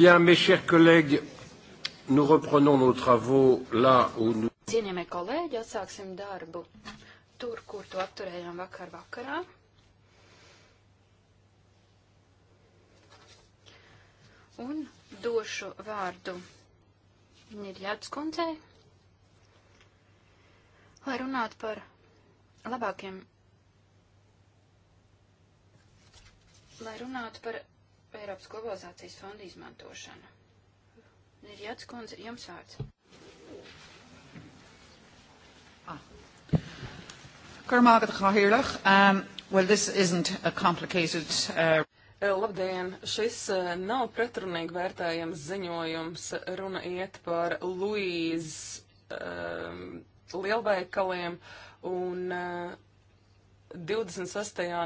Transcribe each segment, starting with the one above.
Bien, mes chers collègues, nous reprenons nos travaux là où nous. Cienījamie kolēģi, atsāksim darbu tur, kur to apturējām vakar vakarā. Un došu vārdu Nirjāts kundzei, lai runātu par labākiem, lai runātu par Eiropas globalizācijas fonda izmantošanu. Ir Jāts Kundze, jums vārds. Karmāgat Khahirlach, um, well this isn't a complicated uh, eh, Labdien! Šis eh, nav pretrunīgi vērtējams ziņojums. Runa iet par Luīzes eh, um, lielveikaliem un uh, 26.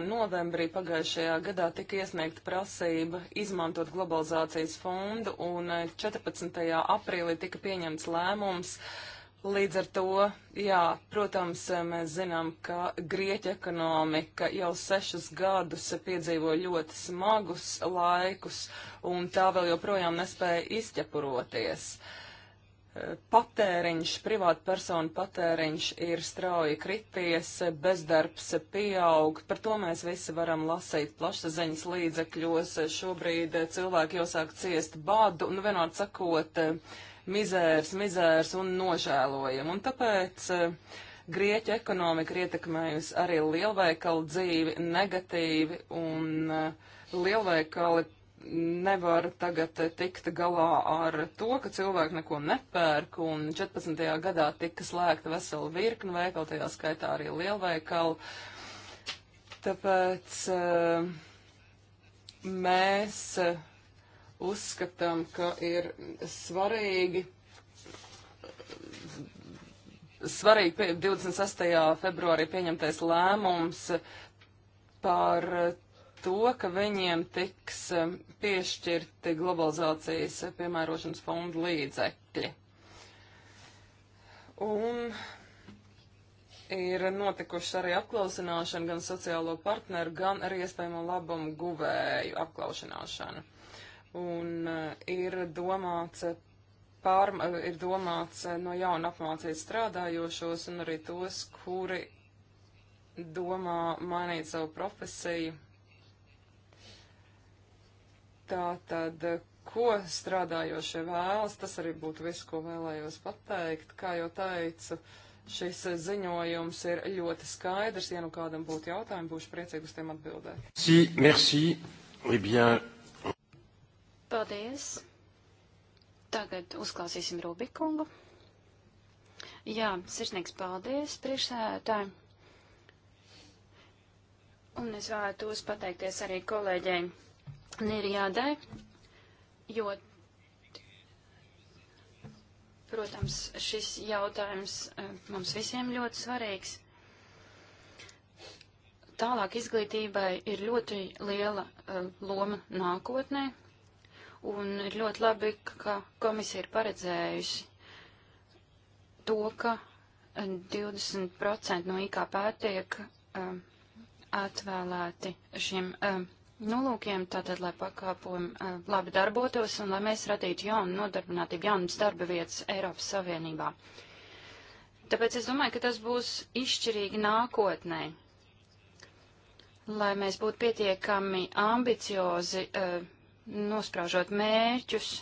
novembrī pagājušajā gadā tika iesniegta prasība izmantot globalizācijas fondu, un 14. Eh, aprīlī tika pieņemts lēmums. Līdz ar to, jā, protams, eh, mēs zinām, ka Grieķa ekonomika jau sešus gadus piedzīvo ļoti smagus laikus, un tā vēl joprojām nespēja izķepuroties. Uh, patēriņš, privāta persona patēriņš ir strauji krities, bezdarbs pieaug, par to mēs visi varam lasīt plašsaziņas līdzekļos, šobrīd cilvēki jau sāk ciest badu, un nu, vienot sakot, mizērs, mizērs un nožēlojam, un tāpēc eh, Grieķu ekonomika ir ietekmējusi arī lielveikalu dzīvi negatīvi, un eh, lielveikali nevar tagad tikt galā ar to, ka cilvēki neko nepērk, un 14. gadā tika slēgta vesela virkna veikala, tajā skaitā arī lielveikala. Tāpēc eh, mēs eh, uzskatām, ka ir svarīgi svarīgi 26. februārī pieņemtais lēmums par to, ka viņiem tiks um, piešķirti globalizācijas piemērošanas fonda līdzekļi. Un ir notikušas arī apklausināšana gan sociālo partneru, gan arī iespējamo labumu guvēju apklausināšana. Un uh, ir domāts, uh, pār, uh, ir domāts no jauna apmācīt strādājošos un arī tos, kuri domā mainīt savu profesiju Tā tad, ko strādājošie vēlas, tas arī būtu viss, ko vēlējos pateikt. Kā jau teicu, šis ziņojums ir ļoti skaidrs. Ja nu kādam būtu jautājumi, būšu priecīgi uz tiem atbildēt. Si, merci. Eh bien. Paldies. Tagad uzklausīsim Rubikungu. Jā, sirsnīgs paldies priekšsēdētājiem. Un es vēlētos pateikties arī kolēģiem Nirjādai, jo, protams, šis jautājums eh, mums visiem ļoti svarīgs. Tālāk izglītībai ir ļoti liela uh, loma nākotnē, un ir ļoti labi, ka komisija ir paredzējusi to, ka 20% eh, no IKP tiek um, atvēlēti šiem um, nolūkiem, nu, tātad, lai pakāpojumi eh, labi darbotos un lai mēs radītu jaunu nodarbinātību, jaunas darba vietas Eiropas Savienībā. Tāpēc es domāju, ka tas būs izšķirīgi nākotnē, lai mēs būtu pietiekami ambiciozi, uh, nospraužot mērķus.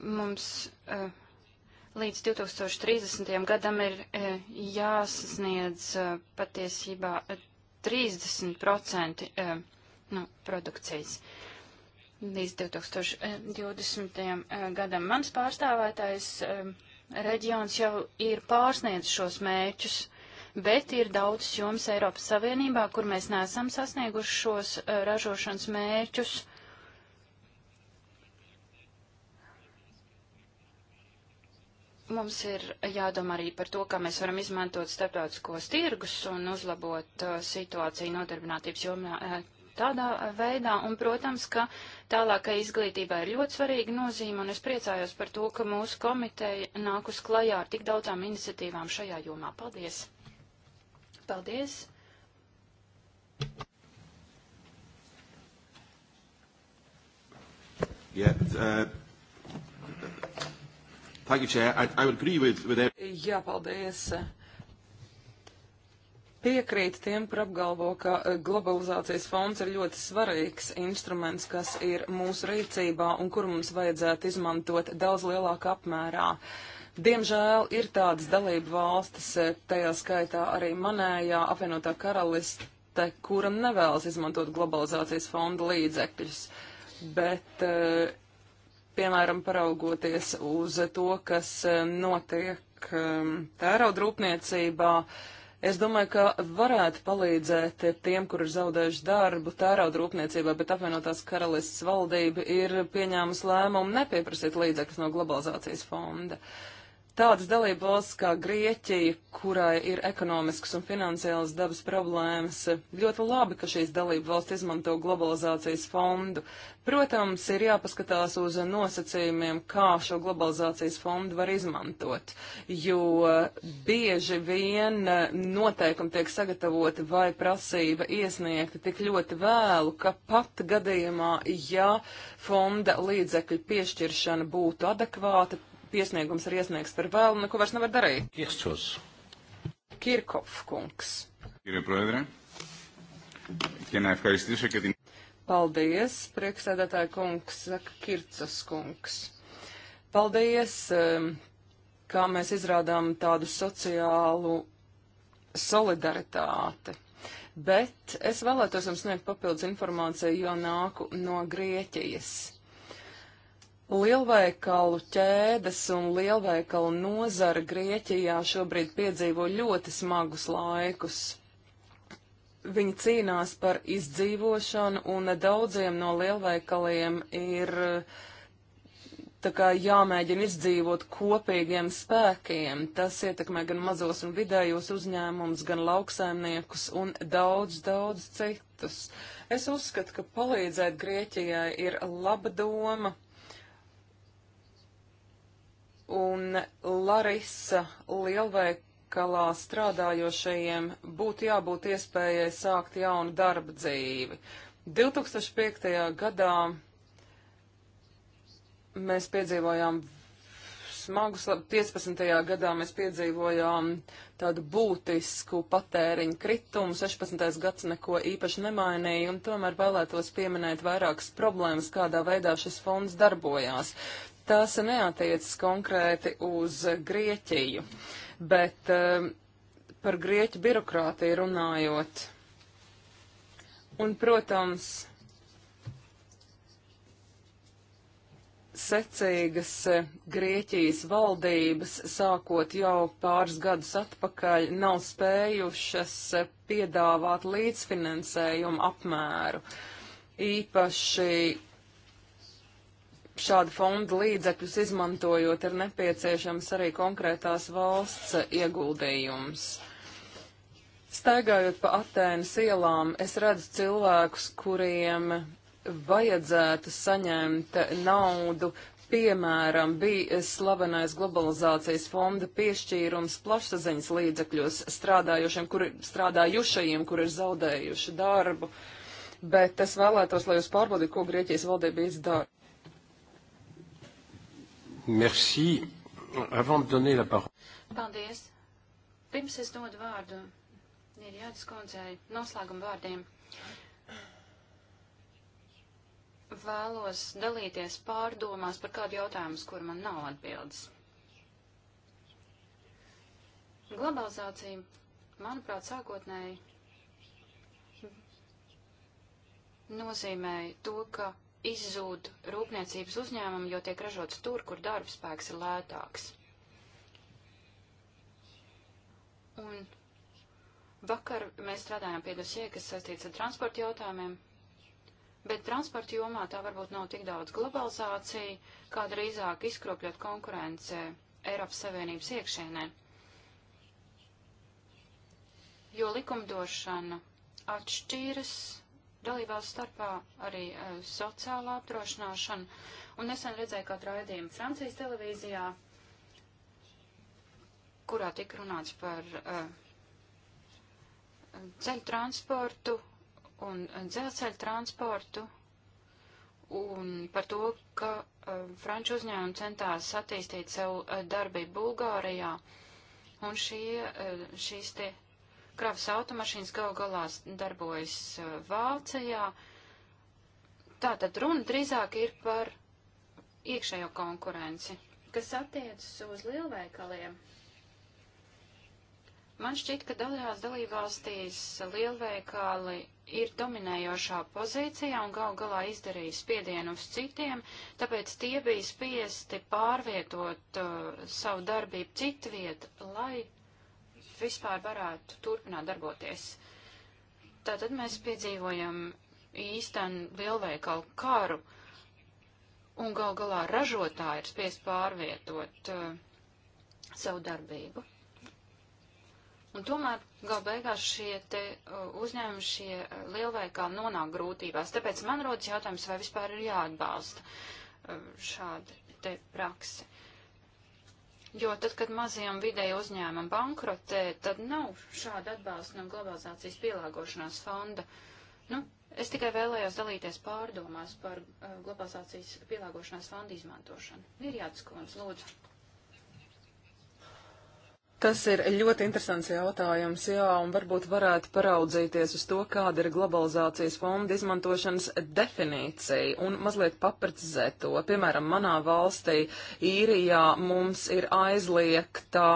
Mums uh, līdz 2030. gadam ir uh, jāsasniedz patiesībā 30% no nu, produkcijas līdz 2020. Eh, gadam. Mans pārstāvētais eh, reģions jau ir pārsniedz šos mērķus, bet ir daudz joms Eiropas Savienībā, kur mēs nesam sasnieguši šos eh, ražošanas mērķus. mums ir jādomā arī par to, kā mēs varam izmantot starptautiskos tirgus un uzlabot uh, situāciju nodarbinātības jomā uh, tādā veidā, un, protams, ka tālākai izglītībai ir ļoti svarīga nozīme, un es priecājos par to, ka mūsu komiteja nāk uz klajā ar tik daudzām iniciatīvām šajā jomā. Paldies! Paldies! Yeah, uh, thank you, Chair. I, I would agree with, with everything. Jā, paldies. Uh, piekrīt tiem, kur apgalvo, ka e, globalizācijas fonds ir ļoti svarīgs instruments, kas ir mūsu rīcībā un kur mums vajadzētu izmantot daudz lielākā apmērā. Diemžēl ir tādas dalību valstis, e, tajā skaitā arī manējā apvienotā karaliste, kuram nevēlas izmantot globalizācijas fonda līdzekļus. Bet, e, piemēram, paraugoties uz to, kas notiek tērauda rūpniecībā, uh, Es domāju, ka varētu palīdzēt tiem, kur ir zaudējuši darbu tērauda rūpniecībā, bet apvienotās karalists valdība ir pieņēmusi lēmumu nepieprasīt līdzekļus no globalizācijas fonda. Uh, Tādas dalība valsts kā Grieķija, kurai ir ekonomiskas un finansiālas dabas problēmas, ļoti labi, ka šīs dalība valsts izmanto globalizācijas fondu. Protams, ir jāpaskatās uz nosacījumiem, kā šo globalizācijas fondu var izmantot, jo bieži vien noteikumi tiek sagatavoti vai prasība iesniegta tik ļoti vēlu, ka pat gadījumā, ja fonda līdzekļu piešķiršana būtu adekvāta, iesniegums ir iesniegts par vēlu, neko vairs nevar darīt. Iestos. Kirkov kungs. Κύριε Πρόεδρε, και να ευχαριστήσω και την... Paldies, priekšsēdētāja kungs, saka Kircas kungs. Paldies, um, kā mēs izrādām tādu sociālu solidaritāti. Bet es vēlētos jums sniegt papildus informāciju, jo nāku no Grieķijas. Lielveikalu ķēdes un lielveikalu nozara Grieķijā šobrīd piedzīvo ļoti smagus laikus. Viņi cīnās par izdzīvošanu, un daudziem no lielveikaliem ir tā kā jāmēģina izdzīvot kopīgiem spēkiem. Tas ietekmē gan mazos un vidējos uzņēmumus, gan lauksaimniekus un daudz, daudz citus. Es uzskatu, ka palīdzēt Grieķijai ir laba doma un Larisa lielveikalā strādājošajiem būtu jābūt iespējai sākt jaunu darba dzīvi. 2005. gadā mēs piedzīvojām smagu, 15. gadā mēs piedzīvojām tādu būtisku patēriņu kritumu, 16. gads neko īpaši nemainīja, un tomēr vēlētos pieminēt vairākas problēmas, kādā veidā šis fonds darbojās tas neatiecas konkrēti uz Grieķiju, bet um, par Grieķu birokrātiju runājot. Un, protams, secīgas eh, Grieķijas valdības, sākot jau pāris gadus atpakaļ, nav spējušas eh, piedāvāt līdzfinansējumu apmēru. Īpaši šādu fondu līdzekļus izmantojot, ir nepieciešams arī konkrētās valsts ieguldījums. Staigājot pa Atēnas ielām, es redzu cilvēkus, kuriem vajadzētu saņemt naudu. Piemēram, bija slavenais globalizācijas fonda piešķīrums plašsaziņas līdzekļos strādājušiem, kuri, strādājušajiem, kur ir zaudējuši darbu. Bet es vēlētos, lai jūs pārbaudītu, ko Grieķijas valdība izdara. Merci. Avant de donner la parole. Paldies. Pirms es dodu vārdu Nīrijādas kundzei noslēguma vārdiem. Vēlos dalīties pārdomās par kādu jautājumu, kur man nav atbildes. Globalizācija, manuprāt, sākotnēji nozīmēja to, ka izzūd rūpniecības uzņēmumi, jo tiek ražots tur, kur darbspēks ir lētāks. Un vakar mēs strādājām pie dosie, kas saistīts ar transporta jautājumiem, bet transporta jomā tā varbūt nav tik daudz globalizācija, kā drīzāk izkropļot konkurence Eiropas Savienības iekšēnē. Jo likumdošana atšķīras dalībās starpā, arī uh, eh, sociālā apdrošināšana. Un nesen redzēju kādu raidījumu Francijas televīzijā, kurā tika runāts par uh, ceļu transportu un eh, dzelzceļu transportu un par to, ka uh, franču uzņēmumi centās attīstīt savu uh, darbību Bulgārijā. Un šie, uh, šīs te kravas automašīnas gal galā darbojas uh, Vācijā. Tātad runa drīzāk ir par iekšējo konkurenci, kas attiecas uz lielveikaliem. Man šķiet, ka dažās dalībvalstīs lielveikāli ir dominējošā pozīcijā un gal galā izdarīja spiedienu uz citiem, tāpēc tie bija spiesti pārvietot uh, savu darbību citviet, lai vispār varētu turpināt darboties. Tātad mēs piedzīvojam īstenu lielveikalu karu, un gal galā ražotāji ir spiest pārvietot uh, savu darbību. Un tomēr gal beigās šie te uh, uzņēmumi, šie uh, lielveikali nonāk grūtībās. Tāpēc man rodas jautājums, vai vispār ir jāatbalsta uh, šāda te praksa. Jo tad, kad mazie un vidēji uzņēmumi bankrotē, tad nav šāda atbalsta no globalizācijas pielāgošanās fonda. Nu, es tikai vēlējos dalīties pārdomās par uh, globalizācijas pielāgošanās fonda izmantošanu. Mirjāts Kunz, lūdzu. Tas ir ļoti interesants jautājums, jā, un varbūt varētu paraudzīties uz to, kāda ir globalizācijas fonda izmantošanas definīcija un mazliet paprecizēt to. Piemēram, manā valstī īrijā mums ir aizliegta,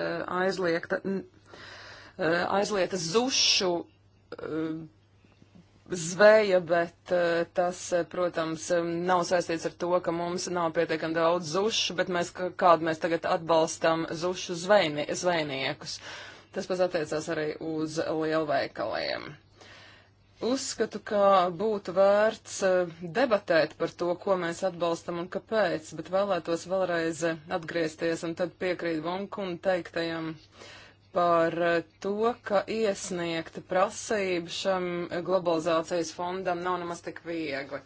eh, aizliegta, eh, aizliegta zušu eh, zveja, bet eh, tas, eh, protams, eh, nav saistīts ar to, ka mums nav pietiekami daudz zušu, bet mēs kādu mēs tagad atbalstam zušu zvejni, zvejniekus. Tas pats attiecās arī uz lielveikaliem. Uzskatu, ka būtu vērts debatēt par to, ko mēs atbalstam un kāpēc, bet vēlētos vēlreiz atgriezties un tad piekrīt Vonku un teiktajam. Uh, par eh, to, ka iesniegta prasība šam globalizācijas fondam nav nemaz tik viegli.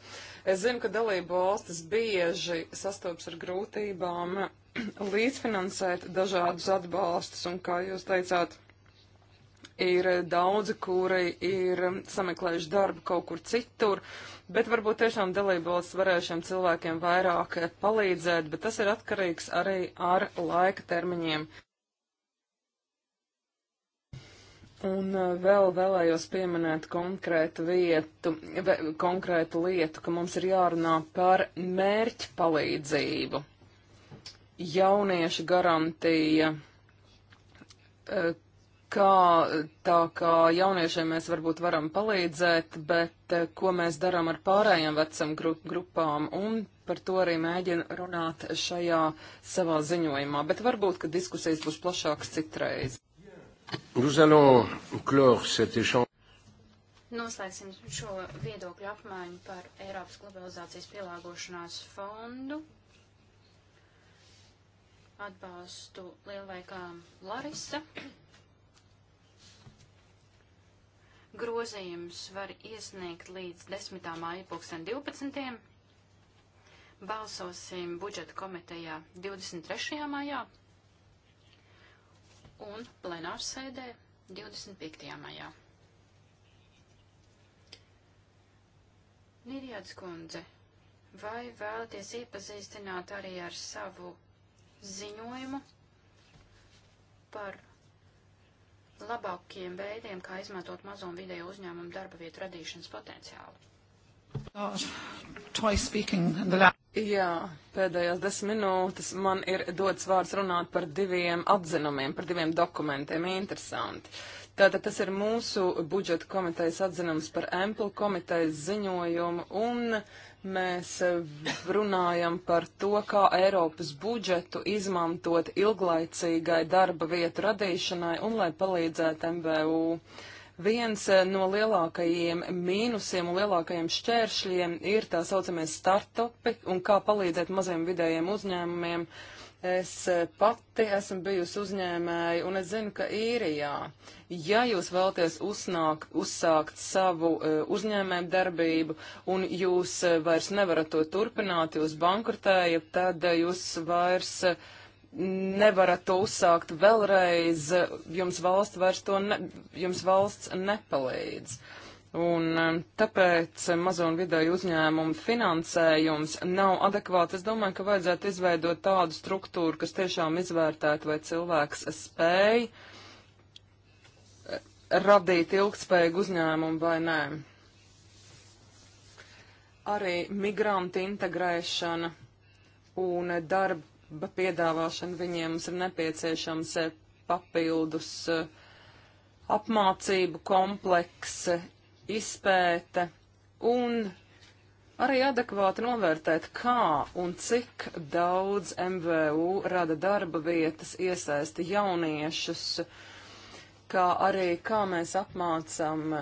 Es zinu, ka dalību valstis bieži sastops ar grūtībām līdzfinansēt dažādus atbalstus, un kā jūs teicāt, ir daudzi, kuri ir sameklējuši darbu kaut kur citur, bet varbūt tiešām dalību valsts varēšiem cilvēkiem vairāk palīdzēt, bet tas ir atkarīgs arī ar laika termiņiem. Un uh, vēl vēlējos pieminēt konkrētu vietu, konkrētu lietu, ka mums ir jārunā par mērķu palīdzību. Jauniešu garantija, uh, kā tā kā jauniešiem mēs varbūt varam palīdzēt, bet uh, ko mēs darām ar pārējām vecam gru grupām, un par to arī mēģinu runāt šajā savā ziņojumā, bet varbūt, ka diskusijas būs plašākas citreiz. Nous allons clore cet échange. Noslēgsim šo viedokļu apmaiņu par Eiropas globalizācijas pielāgošanās fondu. Atbalstu lielveikām Larisa. Grozījums var iesniegt līdz 10. māja 2012. Balsosim budžeta komitejā 23. maijā un plenārsēdē 25. maijā. Nirjāds kundze, vai vēlaties iepazīstināt arī ar savu ziņojumu par labākiem veidiem, kā izmantot mazo un vidēju uzņēmumu darba vietu radīšanas potenciālu. Jā, pēdējās desmit minūtes man ir dots vārds runāt par diviem atzinumiem, par diviem dokumentiem. Interesanti. Tātad tas ir mūsu budžeta komitejas atzinums par Ample komitejas ziņojumu, un mēs runājam par to, kā Eiropas budžetu izmantot ilglaicīgai darba vietu radīšanai un lai palīdzētu MVU. Uh, Viens eh, no lielākajiem mīnusiem un lielākajiem šķēršļiem ir tā saucamie startupi un kā palīdzēt maziem vidējiem uzņēmumiem. Es eh, pati esmu bijusi uzņēmēja un es zinu, ka īrijā, ja jūs vēlaties uznāk, uzsākt savu uh, uzņēmēju darbību un jūs vairs nevarat to turpināt, jūs bankrotējat, tad jūs vairs uh, nevarat to uzsākt vēlreiz, jums valsts vairs to, ne, jums valsts nepalīdz. Un um, tāpēc um, mazo un vidēju uzņēmumu finansējums nav adekvāts. Es domāju, ka vajadzētu izveidot tādu struktūru, kas tiešām izvērtētu, vai cilvēks spēj eh, radīt ilgspējīgu uzņēmumu vai nē. Arī migrantu integrēšana un darba darba piedāvāšanu viņiem mums ir nepieciešams eh, papildus eh, apmācību komplekse, eh, izpēte un arī adekvāti novērtēt, kā un cik daudz MVU rada darba vietas, iesaisti jauniešus, kā arī kā mēs apmācam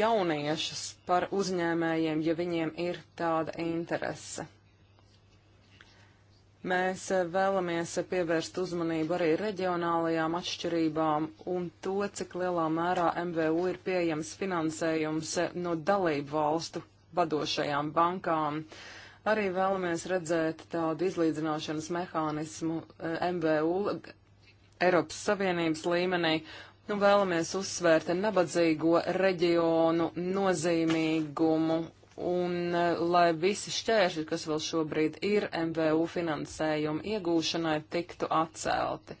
jauniešus par uzņēmējiem, ja viņiem ir tāda interese. Mēs eh, vēlamies pievērst uzmanību arī reģionālajām atšķirībām un to, cik lielā mērā MVU ir pieejams finansējums eh, no dalību valstu vadošajām bankām. Arī vēlamies redzēt tādu izlīdzināšanas mehānismu eh, MVU Eiropas Savienības līmenī un nu, vēlamies uzsvērt nabadzīgo reģionu nozīmīgumu Un eh, lai visi šķēršļi, kas vēl šobrīd ir MVU finansējuma iegūšanai, tiktu atcelti.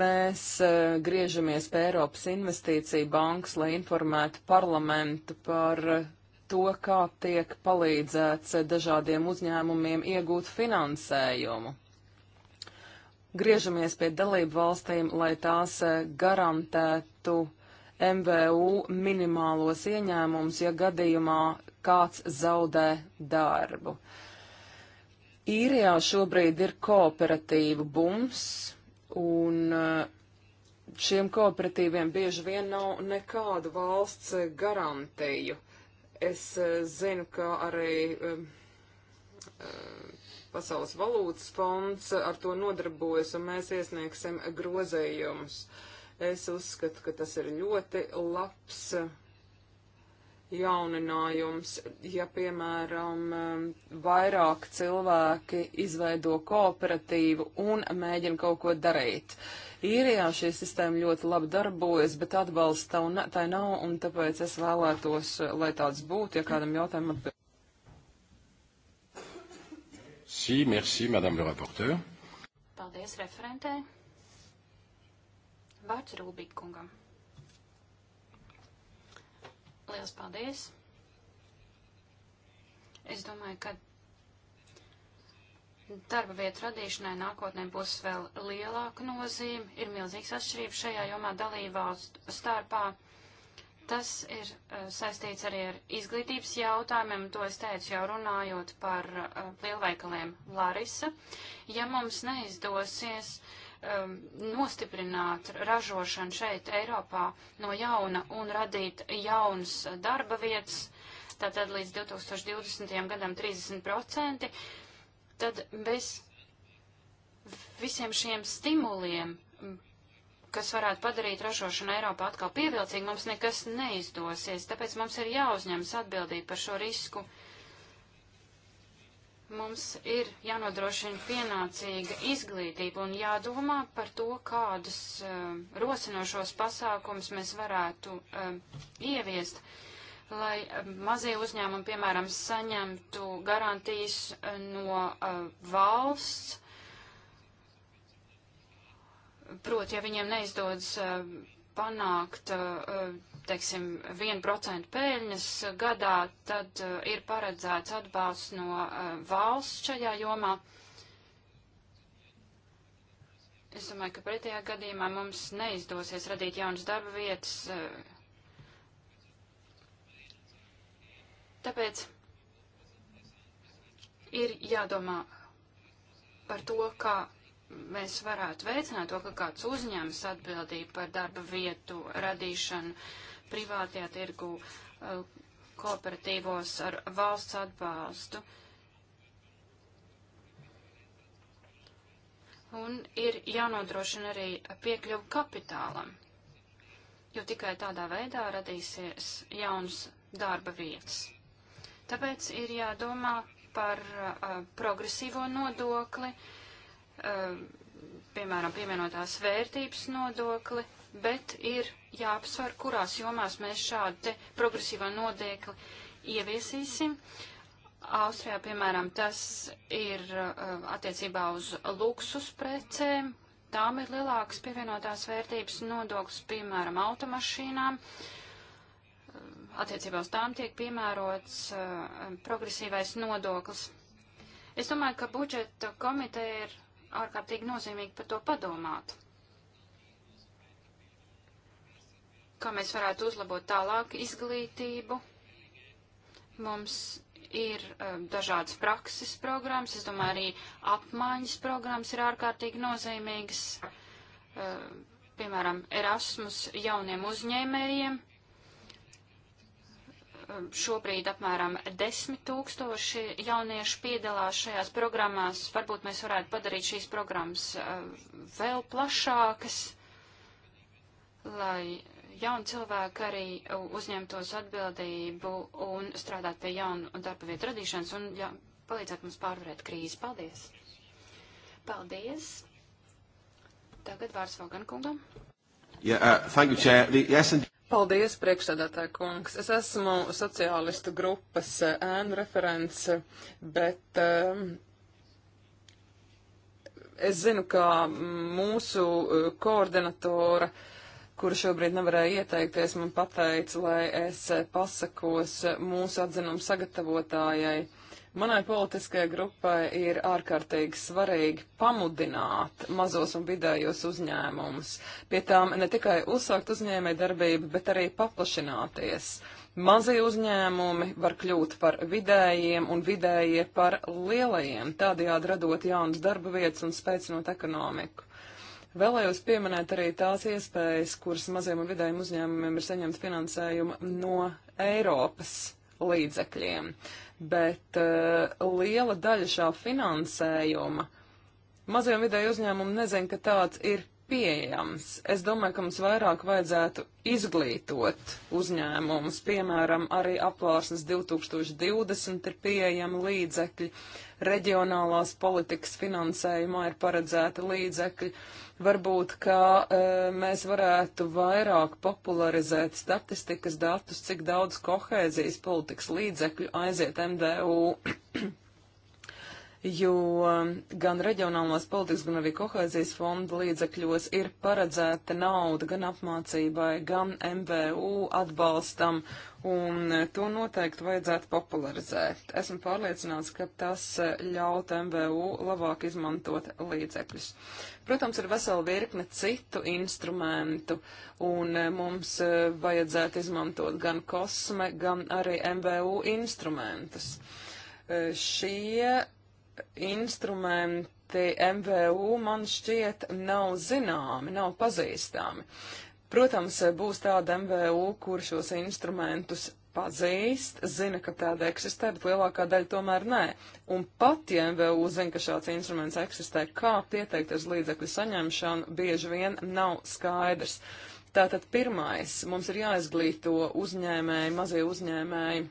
Mēs e, griežamies pie Eiropas investīcija bankas, lai informētu parlamentu par eh, to, kā tiek palīdzēts dažādiem uzņēmumiem iegūt finansējumu. Griežamies pie dalību valstīm, lai tās garantētu MVU minimālos ieņēmumus, ja gadījumā kāds zaudē darbu. Īrijā šobrīd ir kooperatīvu bums, un eh, šiem kooperatīviem bieži vien nav nekādu valsts garantiju. Es eh, zinu, ka arī eh, Pasaules valūtas fonds ar to nodarbojas, un mēs iesniegsim grozējumus. Es uzskatu, ka tas ir ļoti labs jauninājums, ja, piemēram, um, vairāk cilvēki izveido kooperatīvu un mēģina kaut ko darīt. Īrijā šī sistēma ļoti labi darbojas, bet atbalsta tai nav, un tāpēc es vēlētos, uh, lai tāds būtu, ja kādam jautājumam atbild. Si, merci, madame le rapporteur. Paldies referentē. Vārds Rūbīk kungam. Liels paldies! Es domāju, ka darba vietu radīšanai nākotnē būs vēl lielāka nozīme. Ir milzīgs atšķirības šajā jomā dalībās starpā. Tas ir uh, saistīts arī ar izglītības jautājumiem, to es teicu jau runājot par uh, lielveikaliem Larisa. Ja mums neizdosies uh, um, nostiprināt ražošanu šeit Eiropā no jauna un radīt jaunas darba vietas, tātad līdz 2020. gadam 30%, tad bez visiem šiem stimuliem kas varētu padarīt ražošanu Eiropā atkal pievilcīgu, mums nekas neizdosies, tāpēc mums ir jāuzņemas atbildība par šo risku. Uh, mums ir jānodrošina pienācīga izglītība un jādomā par to, kādus uh, rosinošos pasākums mēs varētu uh, ieviest, lai uh, mazie uzņēmumi, piemēram, saņemtu garantijas uh, no uh, valsts. Proti, ja viņiem neizdodas uh, panākt uh, teiksim, 1% peļņas gadā, tad uh, ir paredzēts atbalsts no uh, valsts šajā jomā. Es domāju, ka pretējā gadījumā mums neizdosies radīt jaunas darba vietas. Uh. Tāpēc ir jādomā par to, kā mēs varētu veicināt to, ka kāds uzņems atbildību par darba vietu radīšanu privātajā tirgu uh, kooperatīvos ar valsts atbalstu. Un ir jānodrošina arī piekļuvu kapitālam, jo tikai tādā veidā radīsies jauns darba vietas. Tāpēc ir jādomā par uh, progresīvo nodokli, uh, Um, piemēram, pievienotās vērtības nodokli, bet ir jāapsver, kurās jomās mēs šādu te progresīvā nodokli ieviesīsim. Austrijā, piemēram, tas ir um, attiecībā uz luksus precēm, tām ir lielāks pievienotās vērtības nodoklis, piemēram, automašīnām. Um, attiecībā uz tām tiek piemērots uh, progresīvais nodoklis. Es domāju, ka budžeta komiteja ir ārkārtīgi nozīmīgi par to padomāt. Kā mēs varētu uzlabot tālāk izglītību? Mums ir um, dažādas prakses programmas, es domāju, arī apmaiņas programmas ir ārkārtīgi nozīmīgas. Um, piemēram, Erasmus jauniem uzņēmējiem šobrīd apmēram 10 tūkstoši jauniešu piedalās šajās programmās. Varbūt mēs varētu padarīt šīs programmas eh, vēl plašākas, lai jauni cilvēki arī uzņemtos atbildību un strādāt pie jaunu darba vietu radīšanas un ja, palīdzētu mums pārvarēt krīzi. Paldies! Paldies! Tagad vārds Vogan kungam. Yeah, uh, thank you, Chair. The, yes, and... Paldies, priekšsēdētāja kungs. Es esmu sociālistu grupas eh, ēnu referents, bet um, es zinu, ka mūsu eh, koordinatora kuru šobrīd nevarēja ieteikties, man pateica, lai es eh, pasakos mūsu atzinumu sagatavotājai. Manai politiskajai grupai ir ārkārtīgi svarīgi pamudināt mazos un vidējos uzņēmumus, pie tām ne tikai uzsākt uzņēmē darbību, bet arī paplašināties. Mazie uzņēmumi var kļūt par vidējiem un vidējie par lielajiem, tādējādi radot jaunas darba vietas un spēcinot ekonomiku. Vēlējos pieminēt arī tās iespējas, kuras maziem un vidējiem uzņēmumiem ir saņemt finansējumu no Eiropas līdzekļiem bet uh, liela daļa šā finansējuma mazajam vidēju uzņēmumu nezin, ka tāds ir pieejams. Es domāju, ka mums vairāk vajadzētu izglītot uzņēmumus. Piemēram, arī apvārsnes 2020 ir pieejama līdzekļi, reģionālās politikas finansējumā ir paredzēta līdzekļi. Varbūt, ka e, mēs varētu vairāk popularizēt statistikas datus, cik daudz kohēzijas politikas līdzekļu aiziet MDU. jo gan reģionālās politikas, gan arī kohēzijas fonda līdzekļos ir paredzēta nauda gan apmācībai, gan MVU atbalstam, un to noteikti vajadzētu popularizēt. Esmu pārliecināts, ka tas ļautu MVU labāk izmantot līdzekļus. Protams, ir vesela virkne citu instrumentu, un mums vajadzētu izmantot gan kosme, gan arī MVU instrumentus. Šie instrumenti MVU man šķiet nav zināmi, nav pazīstami. Protams, būs tāda MVU, kur šos instrumentus pazīst, zina, ka tāda eksistē, bet lielākā daļa tomēr nē. Un pat, ja MVU zina, ka šāds instruments eksistē, kā pieteikties līdzekļu saņemšanu, bieži vien nav skaidrs. Tātad pirmais, mums ir jāizglīto uzņēmēji, mazie uzņēmēji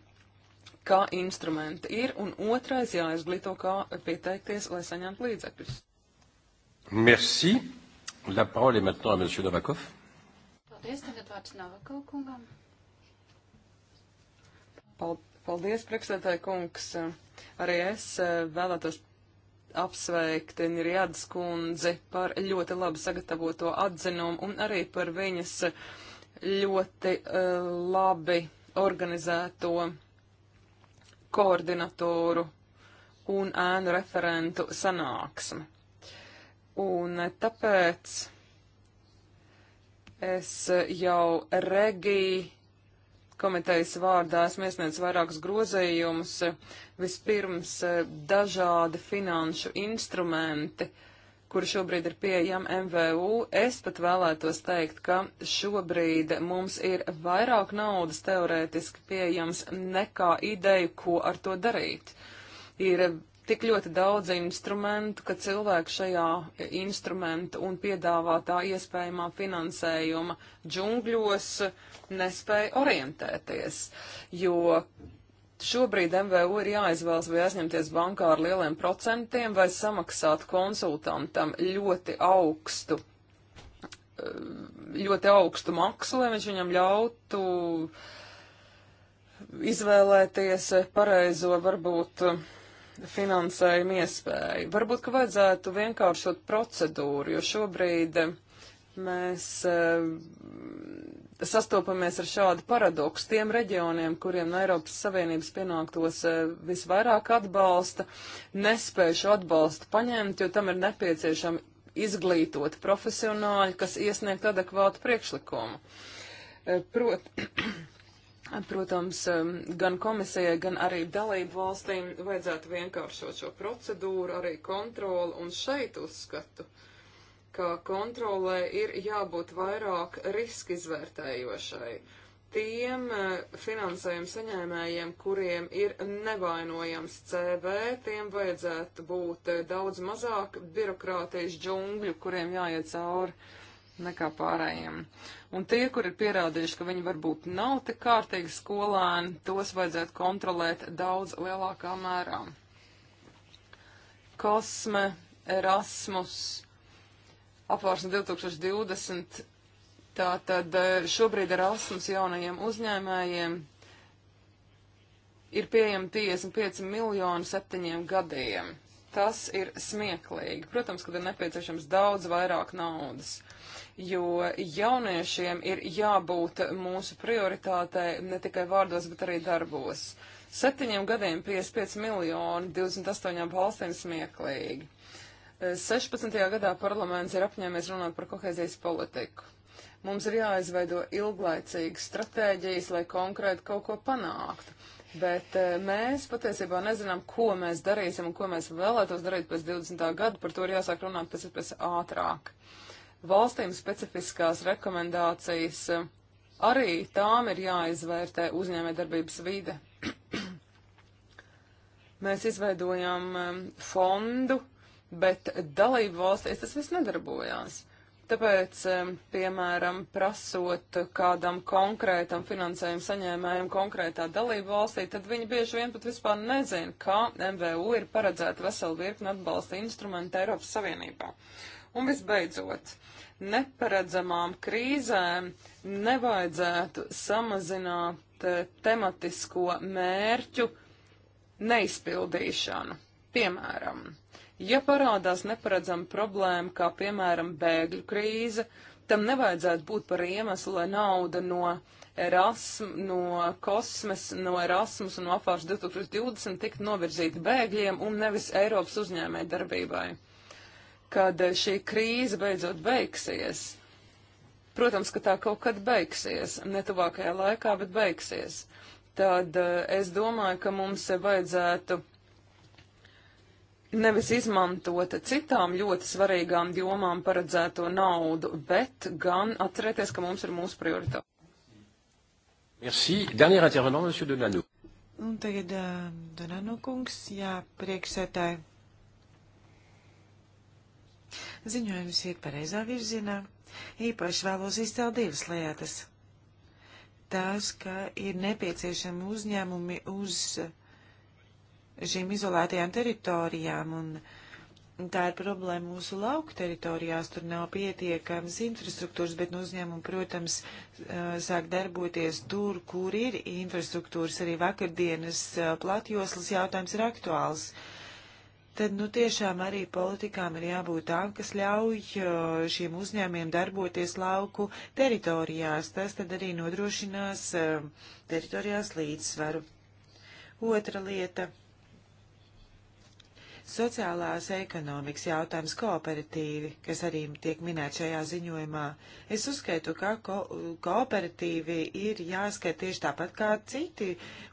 kā instrumenti ir, un otrais jāizglīto, kā pieteikties, lai saņemtu līdzekļus. Merci. La parole est maintenant à Monsieur Novakov. Paldies, tagad vārds Novakov kungam. Paldies, priekšsētāji kungs. Arī es eh, vēlētos apsveikt Nirjādas kundzi par ļoti labi sagatavoto atzinumu un arī par viņas ļoti uh, labi organizēto koordinatoru un ēnu referentu sanāksmi. Un eh, tāpēc es eh, jau regiju komitejas vārdā esmu iesniedzis vairākus grozējumus. Vispirms eh, dažādi finanšu instrumenti, uh, kuri šobrīd ir pieejama MVU, es pat vēlētos teikt, ka šobrīd mums ir vairāk naudas teorētiski pieejams nekā ideju, ko ar to darīt. Ir tik ļoti daudz instrumentu, ka cilvēki šajā instrumentu un piedāvātā iespējamā finansējuma džungļos nespēja orientēties, jo Šobrīd MVU ir jāizvēlas vai aizņemties bankā ar lieliem procentiem vai samaksāt konsultantam ļoti augstu, eh, ļoti augstu maksu, lai viņš viņam ļautu izvēlēties pareizo varbūt finansējumu iespēju. Varbūt, ka vajadzētu vienkāršot procedūru, jo šobrīd eh, mēs eh, sastopamies ar šādu paradoksu. Tiem reģioniem, kuriem no Eiropas Savienības pienāktos eh, visvairāk atbalsta, nespēj šo atbalstu paņemt, jo tam ir nepieciešami izglītoti profesionāļi, kas iesniegt adekvātu priekšlikumu. Eh, prot, protams, eh, gan komisijai, gan arī dalību valstīm vajadzētu vienkāršot šo procedūru, arī kontroli un šeit uzskatu. Uh, ka kontrolē ir jābūt vairāk riski izvērtējošai. Tiem e, finansējuma saņēmējiem, kuriem ir nevainojams CV, tiem vajadzētu būt e, daudz mazāk birokrātijas džungļu, kuriem jāiet cauri nekā pārējiem. Un tie, kur ir pierādījuši, ka viņi varbūt nav tik kārtīgi skolēni, tos vajadzētu kontrolēt daudz lielākā mērā. Kosme, Erasmus, apvārsni 2020. Tātad eh, šobrīd Erasmus jaunajiem uzņēmējiem ir pieejami 55 miljoni septiņiem gadiem. Tas ir smieklīgi. Protams, ka ir nepieciešams daudz vairāk naudas, jo jauniešiem ir jābūt mūsu prioritātei ne tikai vārdos, bet arī darbos. Septiņiem gadiem 55 miljoni 28 valstīm smieklīgi. 16. gadā parlaments ir apņēmies runāt par kohēzijas politiku. Mums ir jāizveido ilglaicīgas stratēģijas, lai konkrēti kaut ko panāktu. Bet eh, mēs patiesībā nezinām, ko mēs darīsim un ko mēs vēlētos darīt pēc 20. gada. Par to ir jāsāk runāt pēc iespējas ātrāk. Valstīm specifiskās rekomendācijas eh, arī tām ir jāizvērtē uzņēmējdarbības vide. mēs izveidojam eh, fondu, bet dalību valstīs tas viss nedarbojās. Tāpēc, piemēram, prasot kādam konkrētam finansējumu saņēmējam konkrētā dalību valstī, tad viņi bieži vien pat vispār nezina, kā MVU ir paredzēta vesela virkna atbalsta instrumenta Eiropas Savienībā. Un visbeidzot, neparedzamām krīzēm nevajadzētu samazināt eh, tematisko mērķu neizpildīšanu. Piemēram, Ja parādās neparedzama problēma, kā piemēram bēgļu krīze, tam nevajadzētu būt par iemeslu, lai nauda no Erasmus, no kosmes, no Erasmus un no apvārš 2020 tiktu novirzīta bēgļiem un nevis Eiropas uzņēmē darbībai. Kad šī krīze beidzot beigsies, protams, ka tā kaut kad beigsies, ne tuvākajā laikā, bet beigsies, tad eh, es domāju, ka mums vajadzētu nevis izmantot citām ļoti svarīgām jomām paredzēto naudu, bet gan atcerēties, ka mums ir mūsu prioritāte. Merci. Dernier intervenant, monsieur Donano. Un tagad uh, Donano kungs, jā, priekšsētāji. Ziņojums ir pareizā virzienā. Īpaši vēlos izcelt divas lietas. Tās, ka ir nepieciešami uzņēmumi uz uh, šīm izolētajām teritorijām. Un tā ir problēma mūsu lauku teritorijās. Tur nav pietiekams infrastruktūras, bet nu, uzņēmumi, protams, sāk darboties tur, kur ir infrastruktūras. Arī vakardienas platjoslas jautājums ir aktuāls. Tad, nu, tiešām arī politikām ir jābūt tām, kas ļauj šiem uzņēmiem darboties lauku teritorijās. Tas tad arī nodrošinās teritorijās līdzsvaru. Otra lieta Sociālās ekonomikas jautājums kooperatīvi, kas arī tiek minēt šajā ziņojumā. Es uzskaitu, ka ko kooperatīvi ir jāskat tieši tāpat kā citi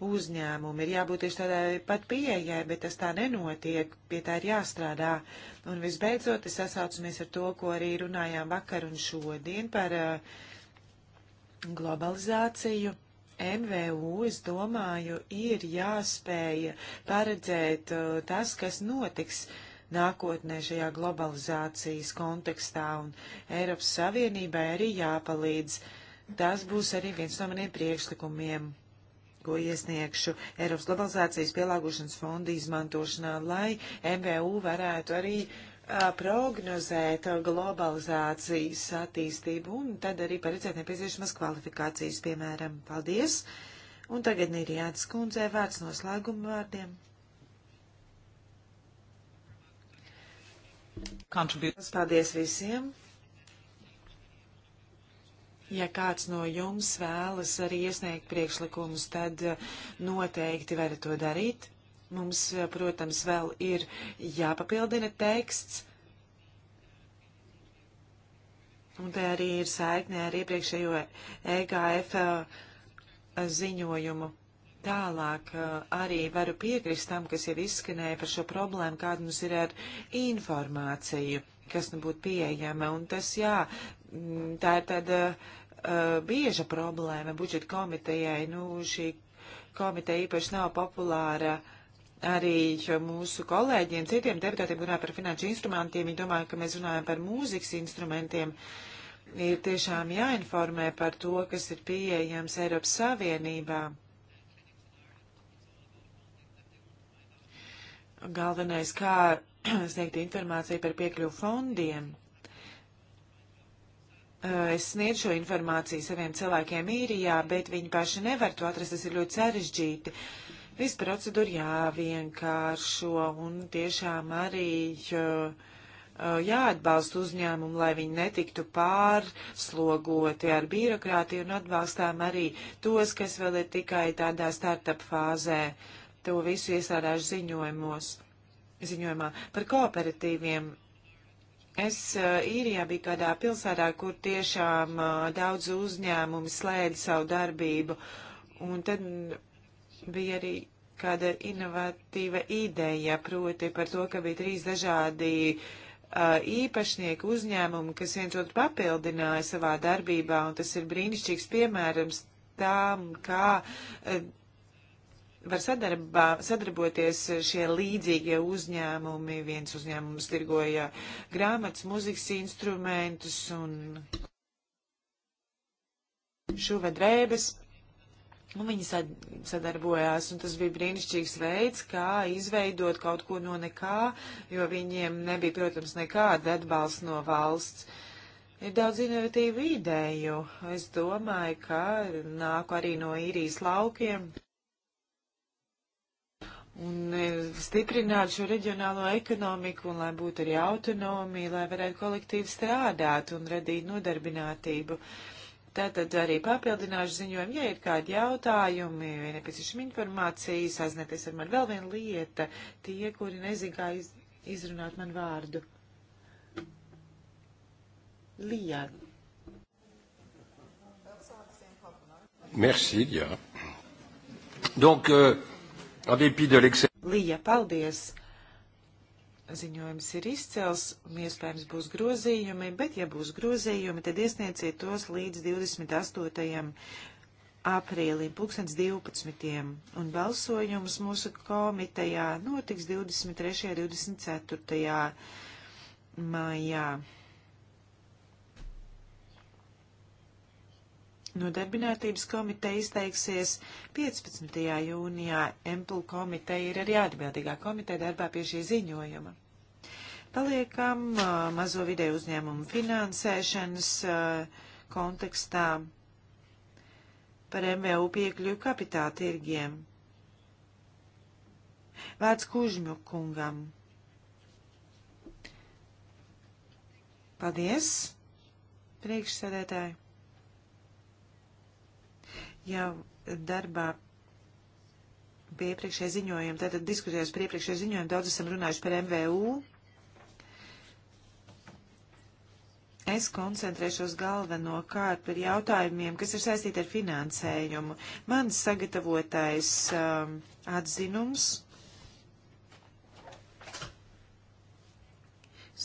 uzņēmumi, ir jābūt tieši tādai pat pieejai, bet tas tā nenotiek, pie tā ir jāstrādā. Un visbeidzot, es sasaucamies ar to, ko arī runājām vakar un šodien par uh, globalizāciju MVU, es domāju, ir jāspēja paredzēt uh, tas, kas notiks nākotnē šajā globalizācijas kontekstā, un Eiropas Savienībai arī jāpalīdz. Tas būs arī viens no maniem priekšlikumiem, ko iesniegšu Eiropas globalizācijas pielāgošanas fonda izmantošanā, lai MVU varētu arī uh, prognozēt globalizācijas attīstību un tad arī paredzēt nepieciešamas kvalifikācijas, piemēram. Paldies! Un tagad ir jāatskundzē vārds noslēguma vārdiem. Contribute. Paldies visiem! Ja kāds no jums vēlas arī iesniegt priekšlikumus, tad noteikti varat to darīt. Mums, eh, protams, vēl ir jāpapildina teksts. Un te arī ir saiknē ar iepriekšējo EGF eh, ziņojumu. Tālāk eh, arī varu piekrist tam, kas jau izskanēja par šo problēmu, kāda mums ir ar informāciju, kas nu būtu pieejama. Un tas, jā, mm, tā ir tāda uh, bieža problēma budžeta komitejai. Nu, šī komiteja īpaši nav populāra uh, arī mūsu kolēģiem, citiem deputātiem runā par finanšu instrumentiem. Viņi domāja, ka mēs runājam par mūzikas instrumentiem. Ir tiešām jāinformē par to, kas ir pieejams Eiropas Savienībā. Galvenais, kā sniegt informāciju par piekļuvu fondiem. Es sniedzu šo informāciju saviem cilvēkiem īrijā, bet viņi paši nevar to atrast, tas ir ļoti sarežģīti. Uh, Viss procedūra jāvienkāršo un tiešām arī jāatbalsta uzņēmumu, lai viņi netiktu pārslogoti ar birokrātiju un atbalstām arī tos, kas vēl ir tikai tādā startup fāzē. To visu iesādāšu ziņojumos, ziņojumā par kooperatīviem Es īrijā biju kādā pilsētā, kur tiešām daudz uzņēmumi slēdz savu darbību. Un tad bija arī kāda inovatīva ideja, proti par to, ka bija trīs dažādi uh, īpašnieki uzņēmumi, kas viens otru papildināja savā darbībā, un tas ir brīnišķīgs piemērums tam, kā uh, var sadarbā, sadarboties šie līdzīgie uzņēmumi. Viens uzņēmums tirgoja grāmatas, muzikas instrumentus un šuva drēbes. Un viņi sadarbojās, un tas bija brīnišķīgs veids, kā izveidot kaut ko no nekā, jo viņiem nebija, protams, nekāda atbalsts no valsts. Ir daudz inovatīvu ideju. Es domāju, ka nāku arī no īrijas laukiem. Un e, stiprināt šo reģionālo ekonomiku, un lai būtu arī autonomija, lai varētu kolektīvi strādāt un radīt nodarbinātību. Uh, Tātad arī papildināšu ziņojumu, ja ir kādi jautājumi, ja nepieciešama informācija, sazināties ar mani. Vēl viena lieta, tie, kuri nezin, kā iz, izrunāt man vārdu. Lijā. Merci, Lijā. Donc, euh, en dépit de l'excès. Lijā, paldies. Uh, ziņojums ir izcels, un iespējams būs grozījumi, bet ja būs grozījumi, tad iesnieciet tos līdz 28. aprīlim, 2012. un balsojums mūsu komitejā notiks 23. un 24. maijā. Nodarbinātības komiteja izteiksies 15. jūnijā. Emplu komiteja ir arī atbildīgā komiteja darbā pie šī ziņojuma. Paliekam uh, mazo vidēju uzņēmumu finansēšanas uh, kontekstā par MVU piekļuvu kapitāla tirgiem. Vārds Kužņu kungam. Paldies, priekšsēdētāji! jau darbā pie iepriekšējā ziņojuma, tātad diskusijās par iepriekšējā ziņojumu daudz esam runājuši par MVU. Es koncentrēšos galvenokārt par jautājumiem, kas ir saistīti ar finansējumu. Mans sagatavotais um, atzinums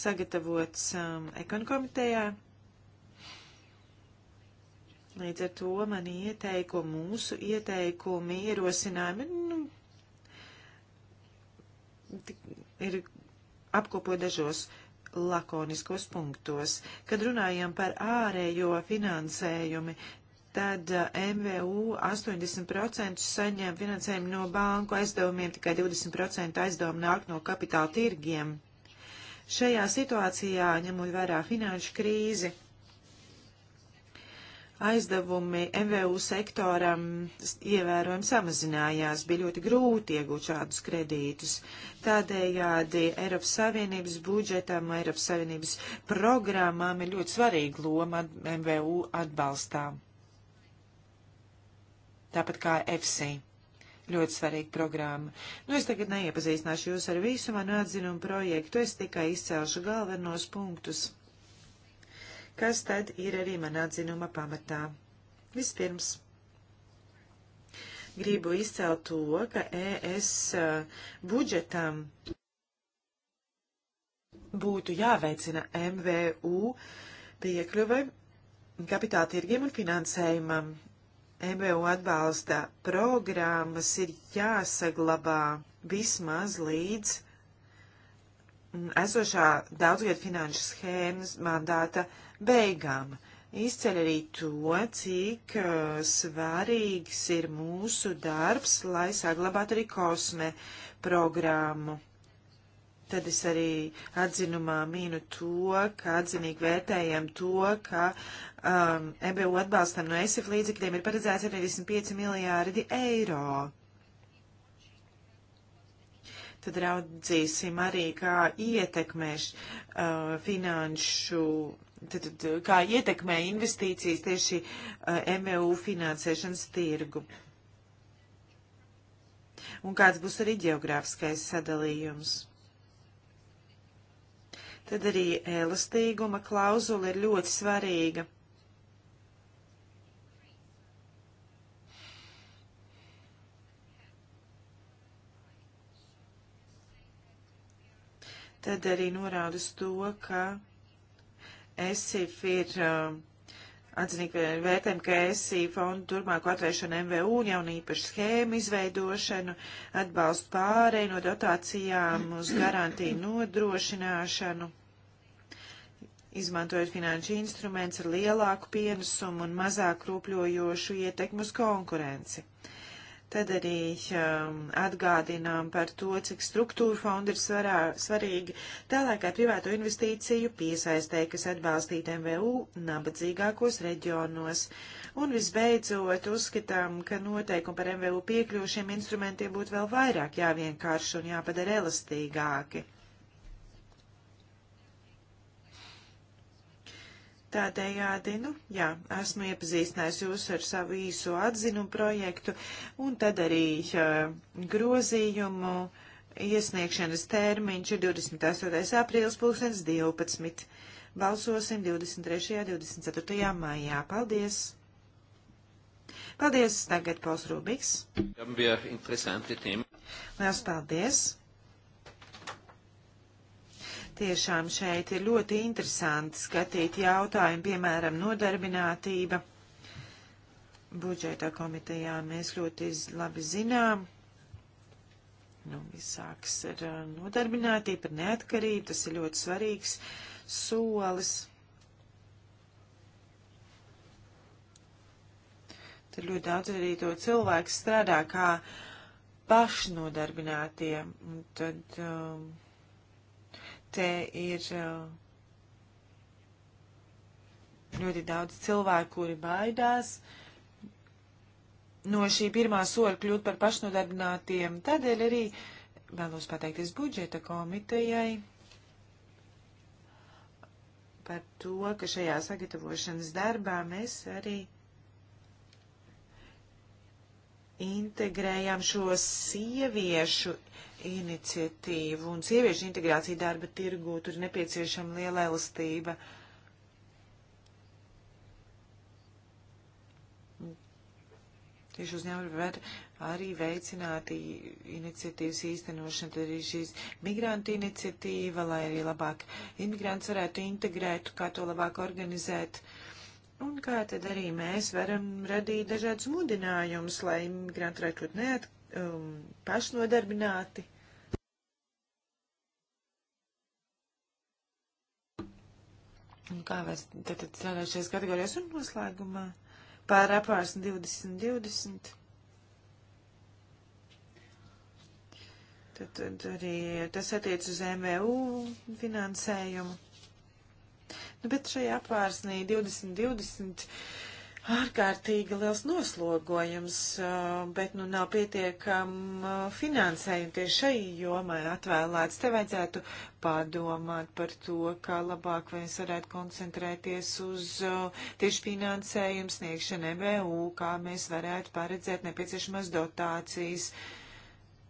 sagatavots um, ekonomikomitejā. komitejā Līdz ar to mani ieteikumi, mūsu ieteikumi, ierosinājumi nu, ir apkopo dažos lakoniskos punktos. Kad runājam par ārējo finansējumi, tad MVU 80% saņem finansējumu no banku aizdevumiem, tikai 20% aizdevumu nāk no kapitāla tirgiem. Šajā situācijā, ņemot vērā finanšu krīzi, aizdevumi MVU sektoram ievērojami samazinājās, bija ļoti grūti iegūt šādus kredītus. Tādējādi Eiropas Savienības budžetam, Eiropas Savienības programmām ir ļoti svarīga loma MVU atbalstā. Tāpat kā EFSI ļoti svarīga programma. Nu, es tagad neiepazīstināšu jūs ar visu manu atzinumu projektu, es tikai izcelšu galvenos punktus kas tad ir arī mana atzinuma pamatā. Vispirms. Gribu izcelt to, ka ES uh, budžetam būtu jāveicina MVU piekļuve kapitāla tirgiem un finansējumam. MVU atbalsta programmas ir jāsaglabā vismaz līdz mm, esošā daudzgad finanšu schēmas mandāta beigām. Izceļ arī to, cik uh, svarīgs ir mūsu darbs, lai saglabātu arī kosme programmu. Tad es arī atzinumā mīnu to, ka atzinīgi vērtējam to, ka um, EBU atbalstam no ESIF līdzekļiem ir paredzēts 75 miljārdi eiro. Tad raudzīsim arī, kā ietekmēš uh, finanšu tad, kā ietekmē investīcijas tieši uh, eh, MVU finansēšanas tirgu. Un kāds būs arī geogrāfiskais sadalījums. Tad arī elastīguma klauzula ir ļoti svarīga. Tad arī norāda uz to, ka ESIF ir um, atzinīgi vērtējumi, ka ESIF fondu turpmāko atvēršanu MVU un jaunu īpašu schēmu izveidošanu, atbalstu pārēju no dotācijām uz garantiju nodrošināšanu, izmantojot finanšu instruments ar lielāku pienesumu un mazāk rūpļojošu ietekmu uz konkurenci. Uh, Tad arī um, atgādinām par to, cik struktūra fonda ir svarā, svarīgi tālākai privāto investīciju piesaistē, kas atbalstītu MVU nabadzīgākos reģionos. Un visbeidzot, uzskatām, ka noteikumi par MVU piekļūšiem instrumentiem būtu vēl vairāk jāvienkārši un jāpadara elastīgāki. Tādējādi, nu, jā, esmu iepazīstinājis jūs ar savu īso atzinumu projektu un tad arī uh, grozījumu iesniegšanas termiņš ir 28. aprīlis 2012. Balsosim 23. un 24. maijā. Paldies! Paldies! Tagad Pauls Rūbiks. Liels paldies! Tiešām šeit ir ļoti interesanti skatīt jautājumu, piemēram, nodarbinātība. Budžeta komitejā mēs ļoti labi zinām, nu, viss sāks ar uh, nodarbinātību, ar neatkarību, tas ir ļoti svarīgs solis. Tur ļoti daudz arī to cilvēku strādā kā pašnodarbinātie. Un tad, um, te ir uh, ļoti daudz cilvēku, kuri baidās no šī pirmā soļa kļūt par pašnodarbinātiem. Tādēļ arī vēlos pateikties budžeta komitejai par to, ka šajā sagatavošanas darbā mēs arī integrējām šo sieviešu iniciatīvu un sieviešu integrāciju darba tirgū. Tur ir nepieciešama liela elastība. Tieši uzņēmumi var arī veicināt iniciatīvas īstenošanu, tad arī šīs migrantu iniciatīva, lai arī labāk imigrants varētu integrēt, kā to labāk organizēt. Uh, Un kā tad arī mēs varam radīt dažādus mudinājumus, lai imigranti varētu kļūt neat, um, pašnodarbināti? Un kā mēs tad, tad strādājam šajās kategorijās un noslēgumā pār apvārsni 2020? Tad, tad arī tas attiec uz MVU finansējumu. Nu, bet šajā apvārsnī 2020 ārkārtīgi liels noslogojums, uh, bet nu nav pietiekam uh, finansējumi tieši šai jomai atvēlēts. Te vajadzētu padomāt par to, kā labāk mēs varētu koncentrēties uz uh, tieši finansējumu sniegšanu EBU, kā mēs varētu paredzēt nepieciešamas dotācijas.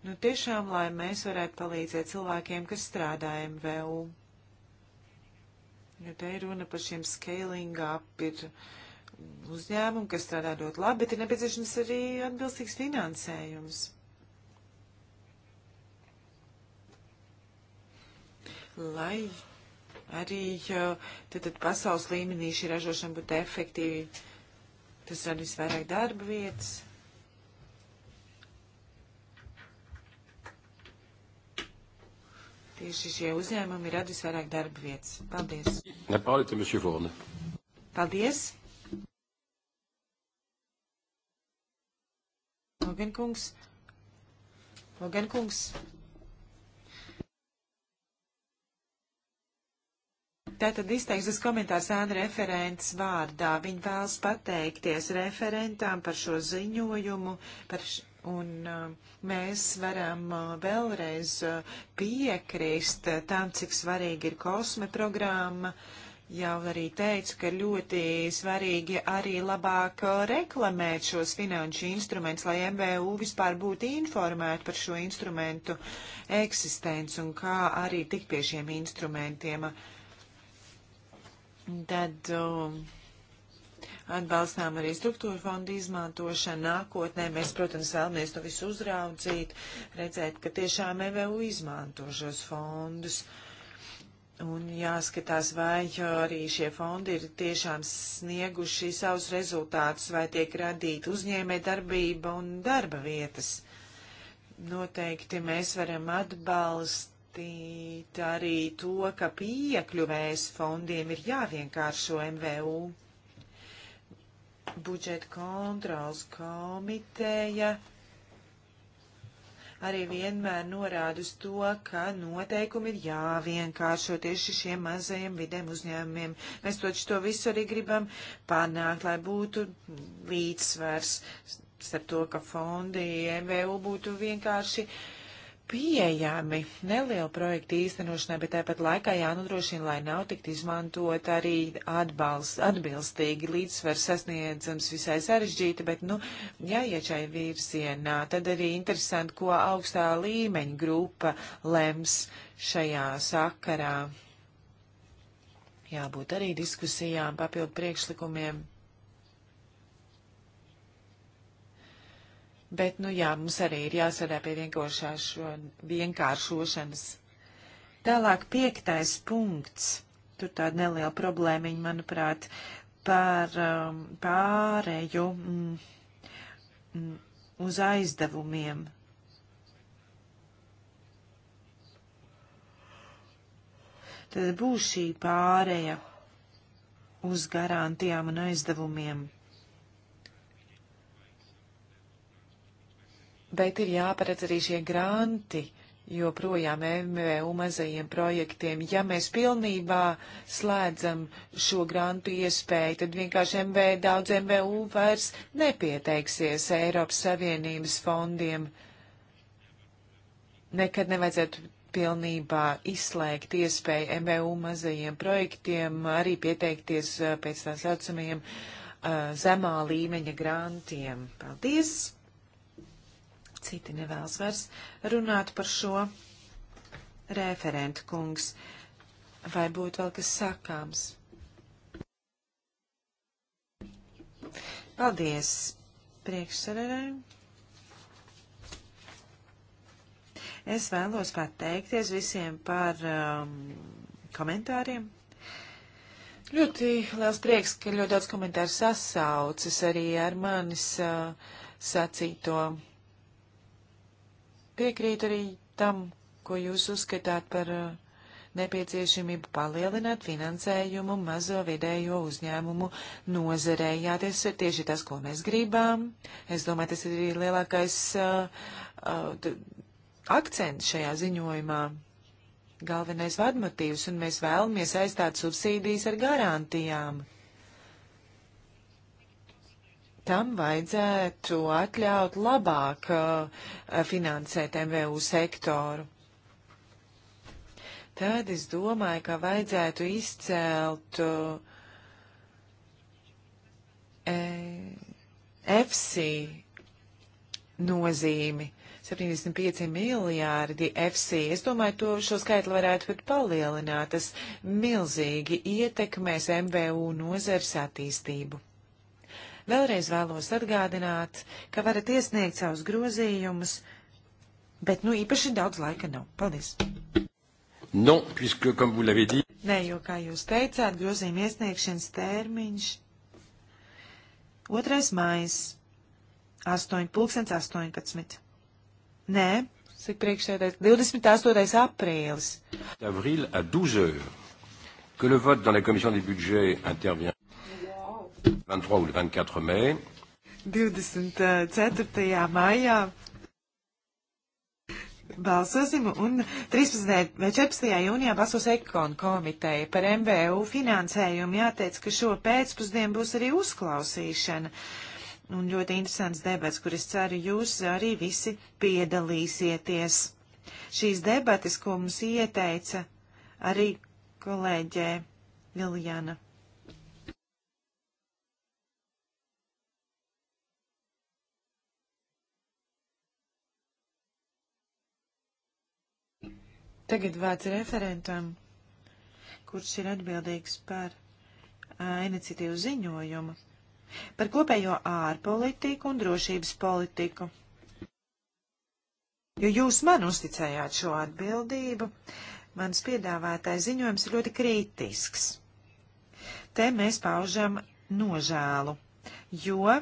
Nu, tiešām, lai mēs varētu palīdzēt cilvēkiem, kas strādā MVU. Jo te ir runa par šiem scaling up, ir uzņēmumi, kas strādā ļoti labi, bet ir nepieciešams arī atbilstīgs finansējums. Lai arī tad, tad pasaules līmenī šī ražošana būtu efektīva, tas rada visvairāk darba vietas. Tieši šie uzņēmumi ir radis vairāk darba vietas. Paldies. Nepārīt, Mr. Vorne. Paldies. Logankungs. Logankungs. Tātad izteiksies komentārs Ēna referents vārdā. Viņa vēlas pateikties referentām par šo ziņojumu, par š... Un uh, mēs varam uh, vēlreiz uh, piekrist tam, cik svarīgi ir kosme programma. Jau arī teicu, ka ļoti svarīgi arī labāk reklamēt šos finanšu instrumentus, lai MVU vispār būtu informēti par šo instrumentu eksistenci un kā arī tikt pie šiem instrumentiem. Tad. Uh, Atbalstām arī struktūra fonda izmantošanu nākotnē. Mēs, protams, vēlamies to visu uzraudzīt, redzēt, ka tiešām EVU izmanto šos fondus. Un jāskatās, vai arī šie fondi ir tiešām snieguši savus rezultātus, vai tiek radīta uzņēmē darbība un darba vietas. Noteikti mēs varam atbalstīt arī to, ka piekļuvēs fondiem ir jāvienkāršo MVU budžeta kontrols komiteja arī vienmēr norāda uz to, ka noteikumi ir jāvienkāršo tieši šiem mazajiem vidiem uzņēmumiem. Mēs toču to visu arī gribam panākt, lai būtu līdzsvars starp to, ka fondi MVU būtu vienkārši uh, pieejami nelielu projektu īstenošanai, bet tāpat laikā jānodrošina, lai nav tikt izmantot arī atbalsts, atbilstīgi līdzsvars sasniedzams visai sarežģīti, bet, nu, jāiet šai virzienā. Tad arī interesanti, ko augstā līmeņa grupa lems šajā sakarā. Jābūt arī diskusijām, papildu priekšlikumiem. Bet, nu jā, mums arī ir jāsadā pie vienkāršošanas. Tālāk piektais punkts. Tur tāda neliela problēmiņa, manuprāt, par um, pārēju mm, mm, uz aizdevumiem. Tad būs šī pārēja uz garantijām un aizdevumiem. Bet ir jāparedz arī šie granti joprojām MVU mazajiem projektiem. Ja mēs pilnībā slēdzam šo grantu iespēju, tad vienkārši MV, daudz MVU vairs nepieteiksies Eiropas Savienības fondiem. Nekad nevajadzētu pilnībā izslēgt iespēju MVU mazajiem projektiem arī pieteikties eh, pēc tā saucamajiem uh, zemā līmeņa grantiem. Paldies! Citi nevēlas vairs runāt par šo referentu kungs. Vai būtu vēl kas sakāms? Paldies priekšsararēm. Es vēlos pateikties visiem par um, komentāriem. Ļoti liels prieks, ka ļoti daudz komentāru sasaucas arī ar manis uh, sacīto. Piekrīt arī tam, ko jūs uzskatāt par uh, nepieciešamību palielināt finansējumu mazo vidējo uzņēmumu nozarei. Jā, tas ir tieši tas, ko mēs gribām. Es domāju, tas ir arī lielākais uh, uh, akcents šajā ziņojumā. Galvenais vadmatīvs, un mēs vēlamies aizstāt subsīdijas ar garantijām tam vajadzētu atļaut labāk uh, finansēt MVU sektoru. Tad es domāju, ka vajadzētu izcelt uh, eh, EFSI nozīmi. 75 miljārdi FC. Es domāju, to šo skaitli varētu pat palielināt. Tas milzīgi ietekmēs MVU nozars attīstību. Vēlreiz vēlos atgādināt, ka varat iesniegt savus grozījumus, bet nu īpaši daudz laika nav. Paldies! Non, puisque, comme vous l'avez dit. Nē, jo, kā jūs teicāt, grozījuma iesniegšanas termiņš 2. mājas 8.18. Nē, cik priekšsēdēs, 28. aprīlis. Avril à 12 heures, que le vote dans la commission des budgets intervient. 23 un 24 mai. 24. Eh, maijā balsosim un 13. vai 14. jūnijā balsos ekonu komiteja par MVU finansējumu. Jāteic, ka šo pēcpusdienu būs arī uzklausīšana un ļoti interesants debats, kur es ceru jūs arī visi piedalīsieties. Šīs debates, ko mums ieteica arī kolēģē Viljana Tagad vārds referentam, kurš ir atbildīgs par uh, iniciatīvu ziņojumu, par kopējo ārpolitiku un drošības politiku. Jo jūs man uzticējāt šo atbildību, mans piedāvātais ziņojums ir ļoti kritisks. Te mēs paužam nožēlu, jo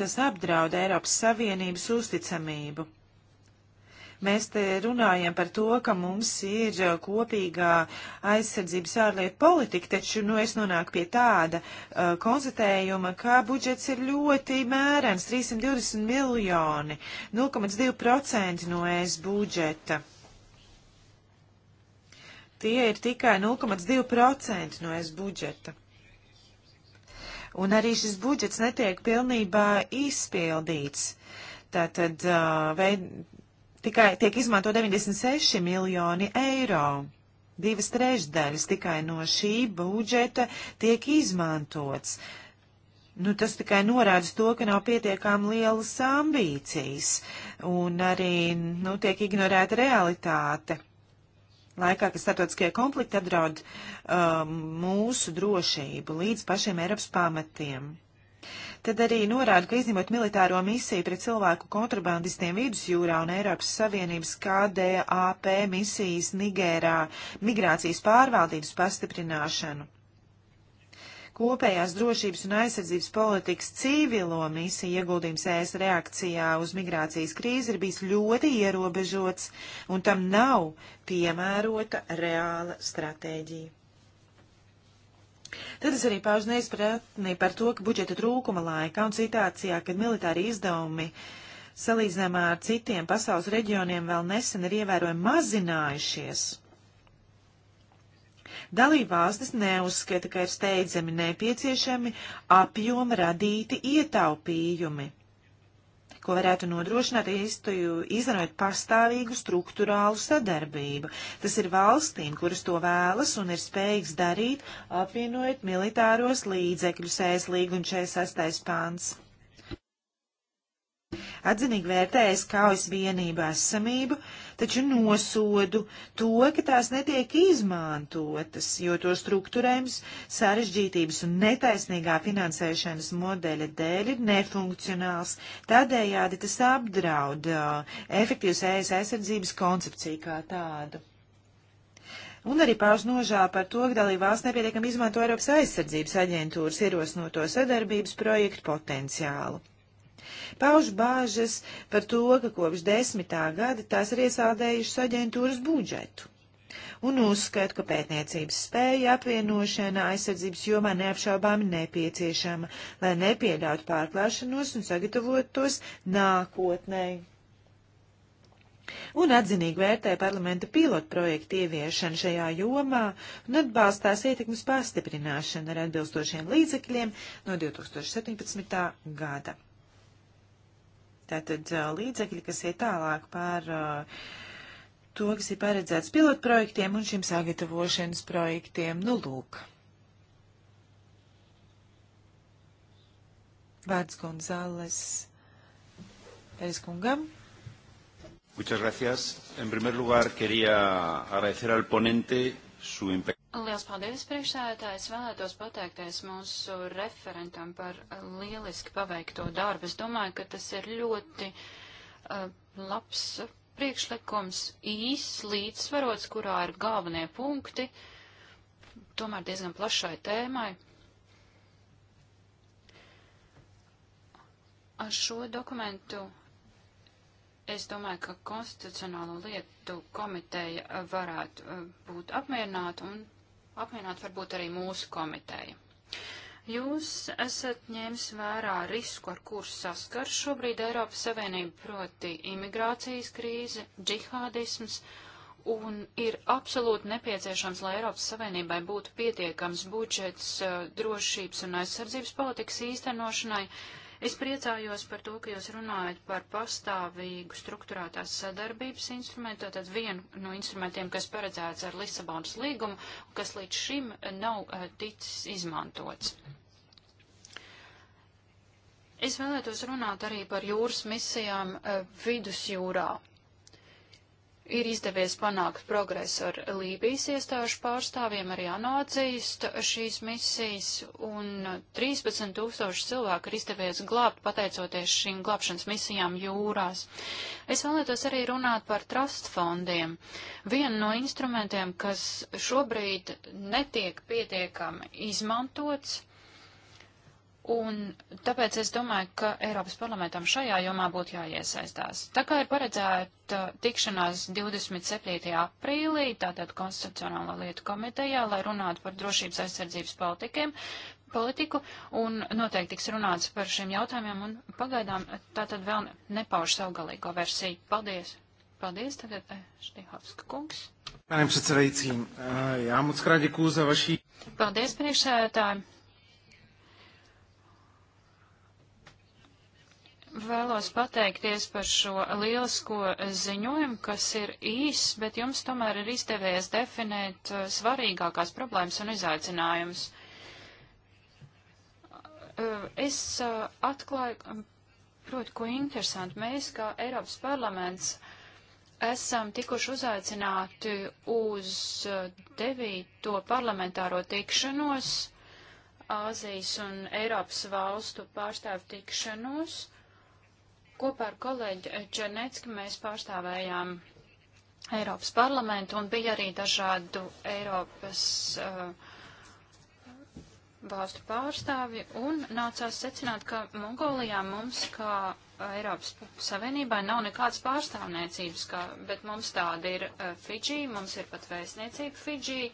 tas apdraud Eiropas Savienības uzticamību Mēs te runājam par to, ka mums ir kopīgā aizsardzības ārlietu politika, taču nu, es nonāku pie tāda uh, konstatējuma, ka budžets ir ļoti mērens - 320 miljoni, 0,2% no ES budžeta. Tie ir tikai 0,2% no ES budžeta. Un arī šis budžets netiek pilnībā izpildīts. Tātad uh, veid, tikai tiek izmanto 96 miljoni eiro. Divas trešdaļas tikai no šī budžeta tiek izmantots. Nu, tas tikai norāda to, ka nav pietiekām lielas ambīcijas un arī nu, tiek ignorēta realitāte. Laikā, kad starptautiskie konflikti apdraud um, mūsu drošību līdz pašiem Eiropas pamatiem. Tad arī norāda, ka izņemot militāro misiju pret cilvēku kontrabandistiem vidusjūrā un Eiropas Savienības KDAP misijas Nigērā migrācijas pārvaldības pastiprināšanu. Kopējās drošības un aizsardzības politikas civilo misiju ieguldījums ES reakcijā uz migrācijas krīzi ir bijis ļoti ierobežots, un tam nav piemērota reāla stratēģija. Tad es arī paužu neizpratni par to, ka budžeta trūkuma laikā un situācijā, kad militāri izdevumi salīdzinājumā ar citiem pasaules reģioniem vēl nesen ir ievērojami mazinājušies. Dalībvalstis neuzskata, ka ir steidzami nepieciešami apjoma radīti ietaupījumi ko varētu nodrošināt īstenojot pastāvīgu struktūrālu sadarbību. Tas ir valstīm, kuras to vēlas un ir spējīgs darīt, apvienojot militāros līdzekļus ēs līguma 46. pāns. Atzinīgi vērtējas kaujas vienību esamību, uh, taču nosodu to, ka tās netiek izmantotas, jo to struktūrējums sarežģītības un netaisnīgā finansēšanas modeļa dēļ ir nefunkcionāls. Tādējādi tas apdraud uh, efektīvas ēs aizsardzības koncepciju kā tādu. Un arī pauž nožēlu par to, ka dalībvalsts nepietiekami izmanto Eiropas aizsardzības aģentūras ierosnoto sadarbības projektu potenciālu. Pauž bāžas par to, ka kopš desmitā gada tās ir iesaldējušas aģentūras budžetu. Un uzskatu, ka pētniecības spēja apvienošana aizsardzības jomā neapšaubāmi nepieciešama, lai nepieļautu pārklāšanos un sagatavotos nākotnēji un atzinīgi vērtē parlamenta pilotu projektu ieviešanu šajā jomā un atbalstās ietekmes pastiprināšanu ar atbilstošiem līdzekļiem no 2017. gada. Tātad līdzekļi, kas iet tālāk par uh, to, kas ir paredzēts pilotprojektiem un šiem sagatavošanas projektiem. Nu, lūk. Vārds Gonzāles Pérez kungam. Muchas gracias. En primer lugar, quería agradecer al ponente su empeño. Liels paldies, priekšsēdētājs. Vēlētos pateikties mūsu referentam par uh, lieliski paveikto darbu. Es domāju, ka tas ir ļoti uh, labs priekšlikums, īs, līdzsvarots, kurā ir galvenie punkti, tomēr diezgan plašai tēmai. Ar šo dokumentu es domāju, ka Konstitucionālo lietu komiteja varētu uh, būt apmierināta un apmienāt varbūt arī mūsu komiteju. Jūs esat ņēmis vērā risku, ar kur saskar šobrīd Eiropas Savienība, proti imigrācijas krīze, džihādisms, un ir absolūti nepieciešams, lai Eiropas Savienībai būtu pietiekams budžets eh, drošības un aizsardzības politikas īstenošanai. Uh, Es priecājos par to, ka jūs runājat par pastāvīgu struktūrātās sadarbības instrumentu, tātad vienu no instrumentiem, kas paredzēts ar Lisabonas līgumu, kas līdz šim nav uh, ticis izmantots. Es vēlētos runāt arī par jūras misijām uh, vidusjūrā ir izdevies panākt progresu ar Lībijas iestāžu pārstāvjiem, arī ANO atzīst šīs misijas, un 13 tūkstoši cilvēku ir izdevies glābt pateicoties šīm glābšanas misijām jūrās. Es vēlētos arī runāt par trust fondiem. Vienu no instrumentiem, kas šobrīd netiek pietiekami izmantots, Un tāpēc es domāju, ka Eiropas parlamentam šajā jomā būtu jāiesaistās. Tā kā ir paredzēta tikšanās 27. aprīlī, tātad Konstitucionālo lietu komitejā, lai runātu par drošības aizsardzības politikiem, politiku, un noteikti tiks runāts par šiem jautājumiem, un pagaidām tātad vēl nepauž savu galīgo versiju. Paldies! Paldies, tagad eh, Štihovska kungs. Pane předsedající, eh, já moc krát děkuju za vaši. Paldies, priekšsēdētāji. Vēlos pateikties par šo lielisko ziņojumu, kas ir īss, bet jums tomēr ir izdevies definēt eh, svarīgākās problēmas un izaicinājumus. Eh, es eh, atklāju, mm, proti, ko interesanti. Mēs, kā Eiropas parlaments, esam tikuši uzaicināti uz devīto parlamentāro tikšanos, Āzijas un Eiropas valstu pārstāvu tikšanos, Kopā ar kolēģi Černecki mēs pārstāvējām Eiropas parlamentu un bija arī dažādu Eiropas uh, valstu pārstāvi un nācās secināt, ka Mongolijā mums kā Eiropas Savienībai nav nekādas pārstāvniecības, kā, bet mums tāda ir uh, Fidži, mums ir pat vēstniecība Fidži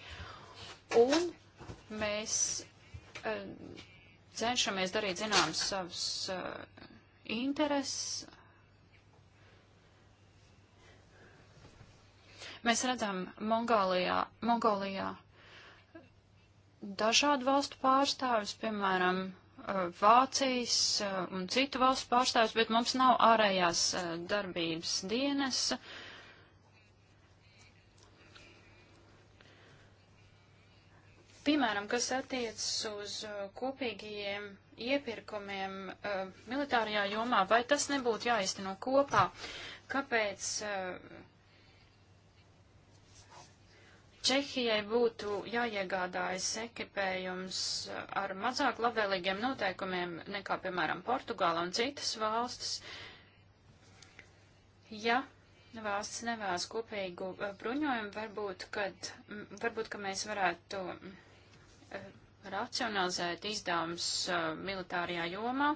un mēs uh, cenšamies darīt zināmas savas uh, intereses. Mēs redzam Mongālijā, Mongolijā dažādu valstu pārstāvis, piemēram, eh, Vācijas eh, un citu valstu pārstāvis, bet mums nav ārējās eh, darbības dienas. Uh, Piemēram, kas attiecas uz uh, kopīgajiem iepirkumiem uh, militārajā jomā, vai tas nebūtu jāizteno kopā? Kāpēc uh, Čehijai būtu jāiegādājas ekipējums uh, ar mazāk labvēlīgiem noteikumiem nekā, piemēram, Portugāla un citas valstis? Ja valsts nevēlas kopīgu uh, bruņojumu, varbūt, kad, varbūt, ka mēs varētu to racionalizēt izdevumus uh, militārajā jomā,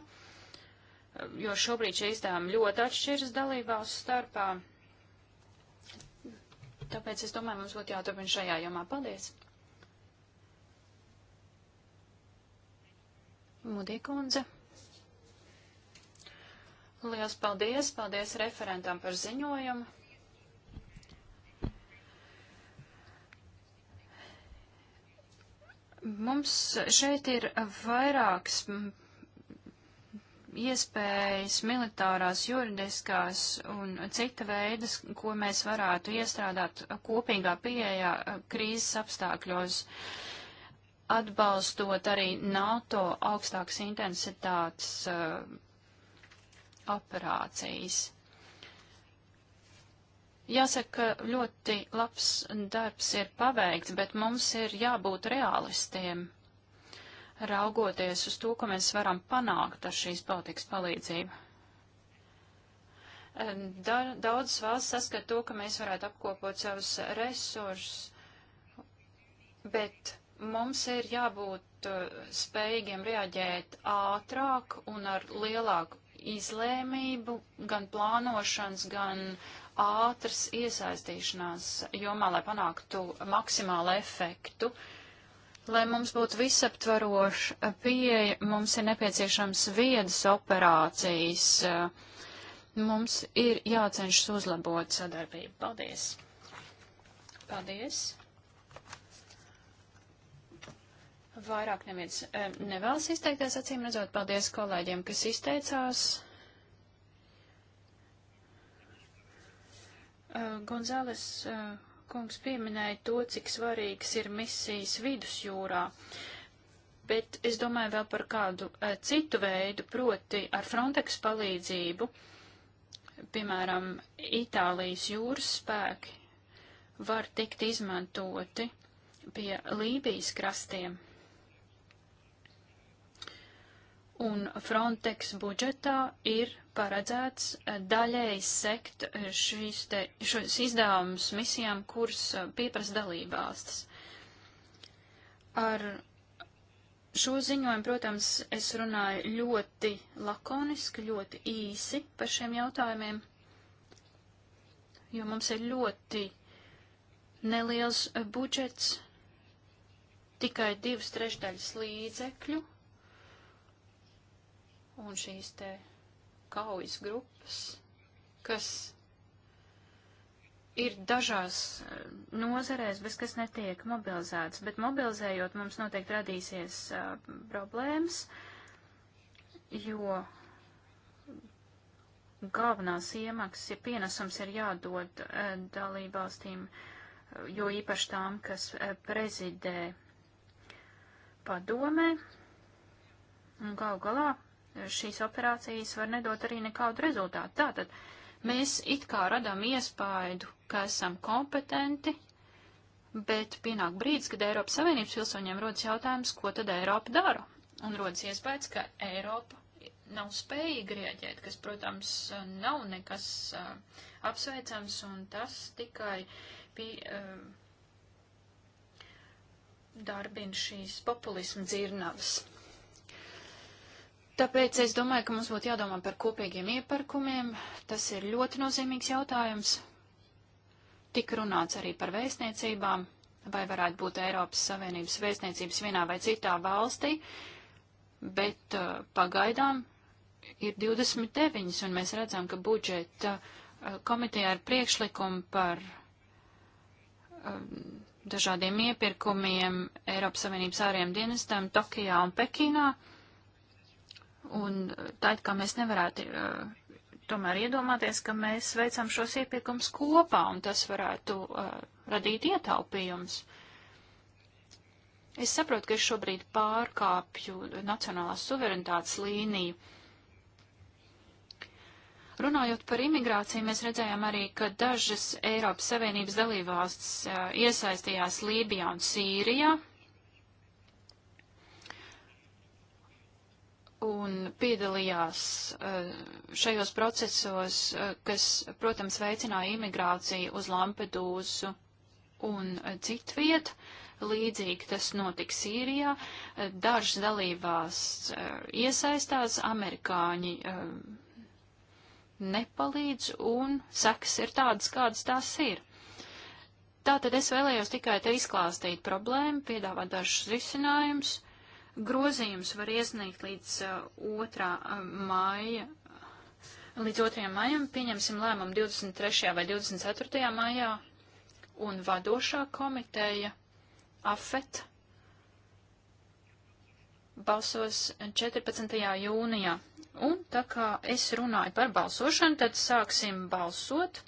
jo šobrīd šie izdevumi ļoti atšķiras dalībvalstu starpā. Tāpēc es domāju, mums būtu jāturpina šajā jomā. Paldies! Mudīkundze. Lielas paldies! Paldies referentam par ziņojumu. Mums šeit ir vairākas iespējas militārās, juridiskās un cita veidas, ko mēs varētu iestrādāt kopīgā pieejā krīzes apstākļos, atbalstot arī NATO augstākas intensitātes uh, operācijas. Jāsaka, ka ļoti labs darbs ir paveikts, bet mums ir jābūt realistiem, raugoties uz to, ko mēs varam panākt ar šīs politikas palīdzību. Eh, da, Daudzas valsts saskat to, ka mēs varētu apkopot savus resursus, bet mums ir jābūt eh, spējīgiem reaģēt ātrāk un ar lielāku izlēmību, gan plānošanas, gan ātras iesaistīšanās jomā, lai panāktu maksimālu efektu. Lai mums būtu visaptvaroša pieeja, mums ir nepieciešams viedas operācijas. Mums ir jācenšas uzlabot sadarbību. Paldies! Paldies! Vairāk neviens eh, nevēlas izteikties, acīm redzot, paldies kolēģiem, kas izteicās. Eh, Gonzales eh, kungs pieminēja to, cik svarīgs ir misijas vidusjūrā, bet es domāju vēl par kādu citu veidu, proti ar Frontex palīdzību, piemēram, Itālijas jūras spēki var tikt izmantoti pie Lībijas krastiem. un Frontex budžetā ir paredzēts eh, daļēji sekt eh, šīs, te, šos izdevumus misijām, kuras eh, pieprasa dalībvalstis. Ar šo ziņojumu, protams, es runāju ļoti lakoniski, ļoti īsi par šiem jautājumiem, jo mums ir ļoti neliels budžets, tikai divas trešdaļas līdzekļu un šīs te kaujas grupas, kas ir dažās eh, nozarēs, bez kas netiek mobilizēts, bet mobilizējot mums noteikti radīsies uh, problēmas, jo galvenās iemaksas, ja pienesums ir jādod uh, dalībvalstīm, jo īpaši tām, kas uh, prezidē padomē, un gal galā šīs operācijas var nedot arī nekādu rezultātu. Tātad mēs it kā radām iespaidu, ka esam kompetenti, bet pienāk brīdis, kad Eiropas Savienības pilsoņiem rodas jautājums, ko tad Eiropa dara. Un rodas iespējas, ka Eiropa nav spējīga rieģēt, kas, protams, nav nekas uh, apsveicams, un tas tikai pie, uh, darbina šīs populismu dzirnavas. Tāpēc es domāju, ka mums būtu jādomā par kopīgiem iepirkumiem. Tas ir ļoti nozīmīgs jautājums. Tik runāts arī par vēstniecībām, vai varētu būt Eiropas Savienības vēstniecības vienā vai citā valstī, bet uh, pagaidām ir 29, un mēs redzam, ka budžeta uh, komiteja ir priekšlikumi par uh, dažādiem iepirkumiem Eiropas Savienības āriem dienestam Tokijā un Pekinā. Uh, Un tā it kā mēs nevarētu uh, tomēr iedomāties, ka mēs veicam šos iepirkums kopā, un tas varētu uh, radīt ietaupījums. Es saprotu, ka es šobrīd pārkāpju nacionālās suverenitātes līniju. Runājot par imigrāciju, mēs redzējām arī, ka dažas Eiropas Savienības dalībvalsts uh, eh, iesaistījās Lībijā un Sīrijā, un piedalījās eh, šajos procesos, eh, kas, protams, veicināja imigrāciju uz Lampedūzu un eh, citu vietu. Līdzīgi tas notika Sīrijā. Dažas dalībās iesaistās, amerikāņi nepalīdz un sekas ir tādas, kādas tās ir. Tātad es vēlējos tikai te izklāstīt problēmu, piedāvāt dažus risinājumus Grozījums var iesniegt līdz 2. Uh, uh, māja. Līdz 2. maijam pieņemsim lēmumu 23. vai 24. maijā, un vadošā komiteja AFET balsos 14. jūnijā. Un tā kā es runāju par balsošanu, tad sāksim balsot.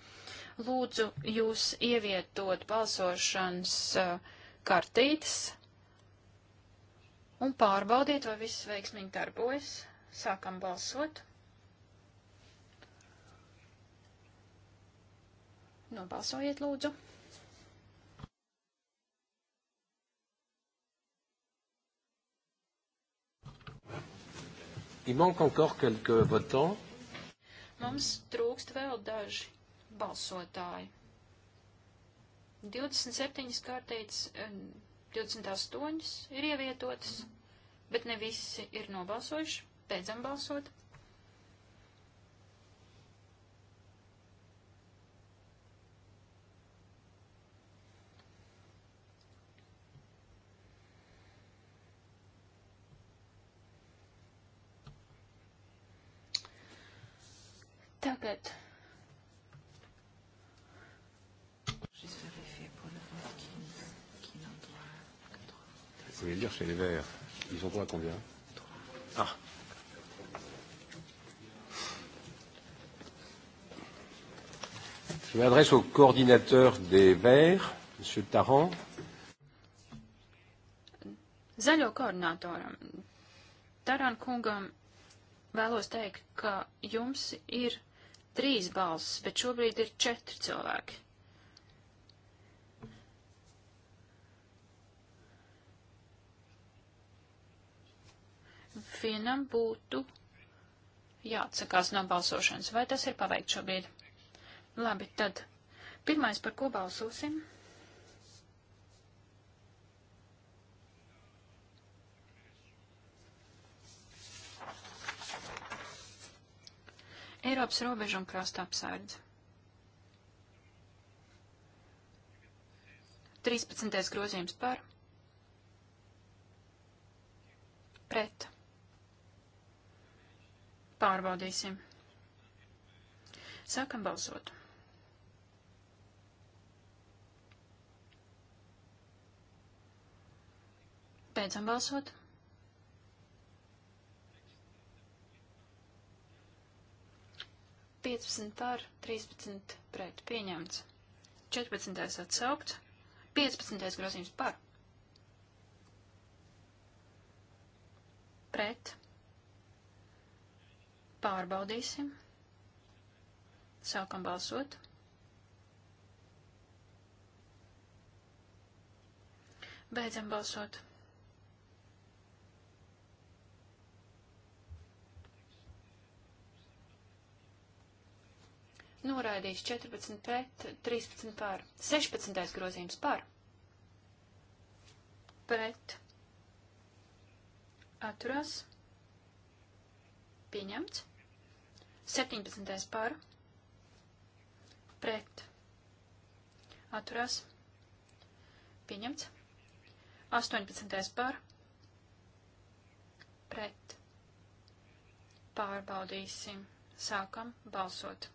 Lūdzu, jūs ievietot balsošanas uh, kartītes un pārbaudiet, vai viss veiksmīgi darbojas. Sākam balsot. Nobalsojiet, lūdzu. Il manque encore quelques votants. Mums trūkst vēl daži balsotāji. 27 kārtītas eh, 28 ir ievietotas, bet ne visi ir nobalsojuši. Beidzam balsot. Tagad chez les Verts, ils sont à combien Ah Je m'adresse au coordinateur des Verts, M. Tarrant. Zaļo koordinatoram. Taran kungam vēlos teikt, ka jums ir trīs balss, bet šobrīd ir četri cilvēki. ikvienam būtu jāatsakās no balsošanas. Vai tas ir paveikt šobrīd? Labi, tad pirmais, par ko balsosim? Eiropas robežu un krasta apsardz. 13. grozījums par pret Pārbaudīsim. Sākam balsot. Beidzam balsot. Piecpadsmit pār, trīspadsmit pret, pieņemts. Četrpadsmitais atsaukts, piecpadsmitais grozījums par. Pret. Pārbaudīsim. Sākam balsot. Beidzam balsot. Noraidīts 14 pret, 13 pār, 16. grozījums pār, pret, atturās, Pieņemts. 17. par. Pret. Atturās. Pieņemts. 18. par. Pret. Pārbaudīsim. Sākam balsot.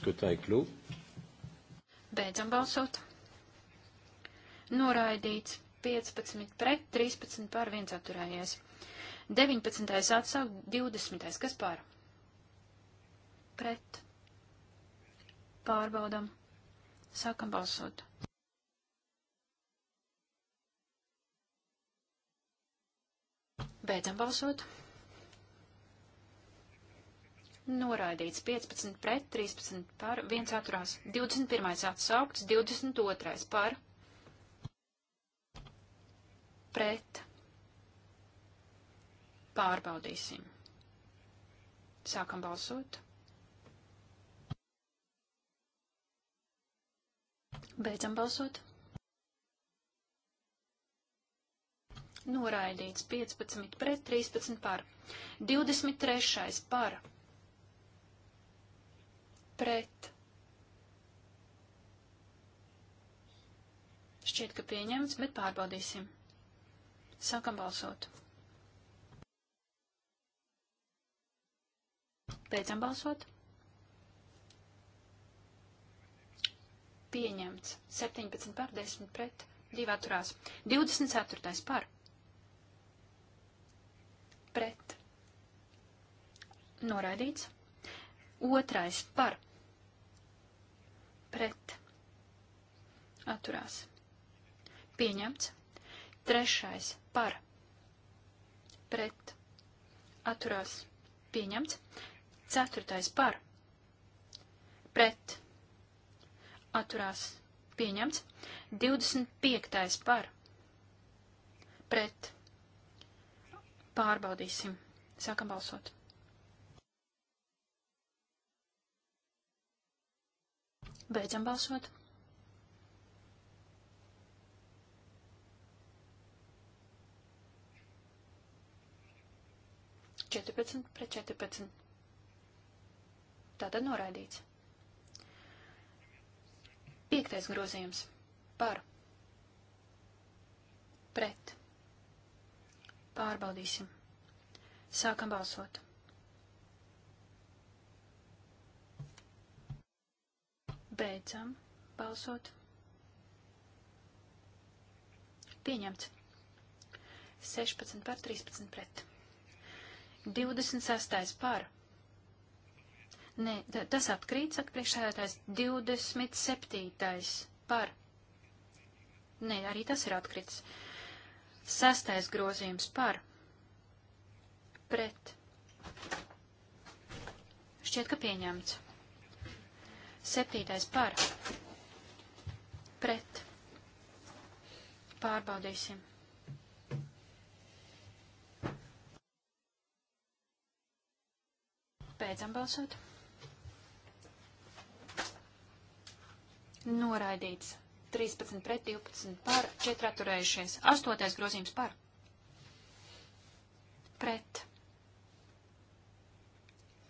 Skatāju kļūt. Beidzam balsot. Noraidīts. 15 pret, 13 pār, 1 atturējies. 19. atsaukt, 20. kas pār? Pret. Pārbaudam. Sākam balsot. Beidzam balsot. Noraidīts 15 pret, 13 par, 1 atturās, 21 atsaukts, 22 par pret. Pārbaudīsim. Sākam balsot. Beidzam balsot. Noraidīts 15 pret 13 par. 23. par. Pret. Šķiet, ka pieņemts, bet pārbaudīsim. Sākam balsot. Beidzam balsot. Pieņemts. 17 par 10 pret 2 atturās. 24. par. Pret. Noraidīts. Otrais par. Pret. Atturās. Pieņemts. Trešais par pret atturās pieņemts. Ceturtais par pret atturās pieņemts. 25. par pret pārbaudīsim. Sākam balsot. Beidzam balsot. 14 pret 14. Tātad noraidīts. Piektais grozījums par pret. Pārbaudīsim. Sākam balsot. Beidzam balsot. Pieņemts. 16 par 13 pret. 26. par. Nē, tas atkrīt, saka priekšsēdētājs, 27. par. Nē, arī tas ir atkrits. Sastais grozījums par. Pret. Šķiet, ka pieņemts. Septītais par. Pret. Pārbaudīsim. Beidzam balsot. Noraidīts. 13 pret 12 par, 4 atturējušies. 8. grozījums par. Pret.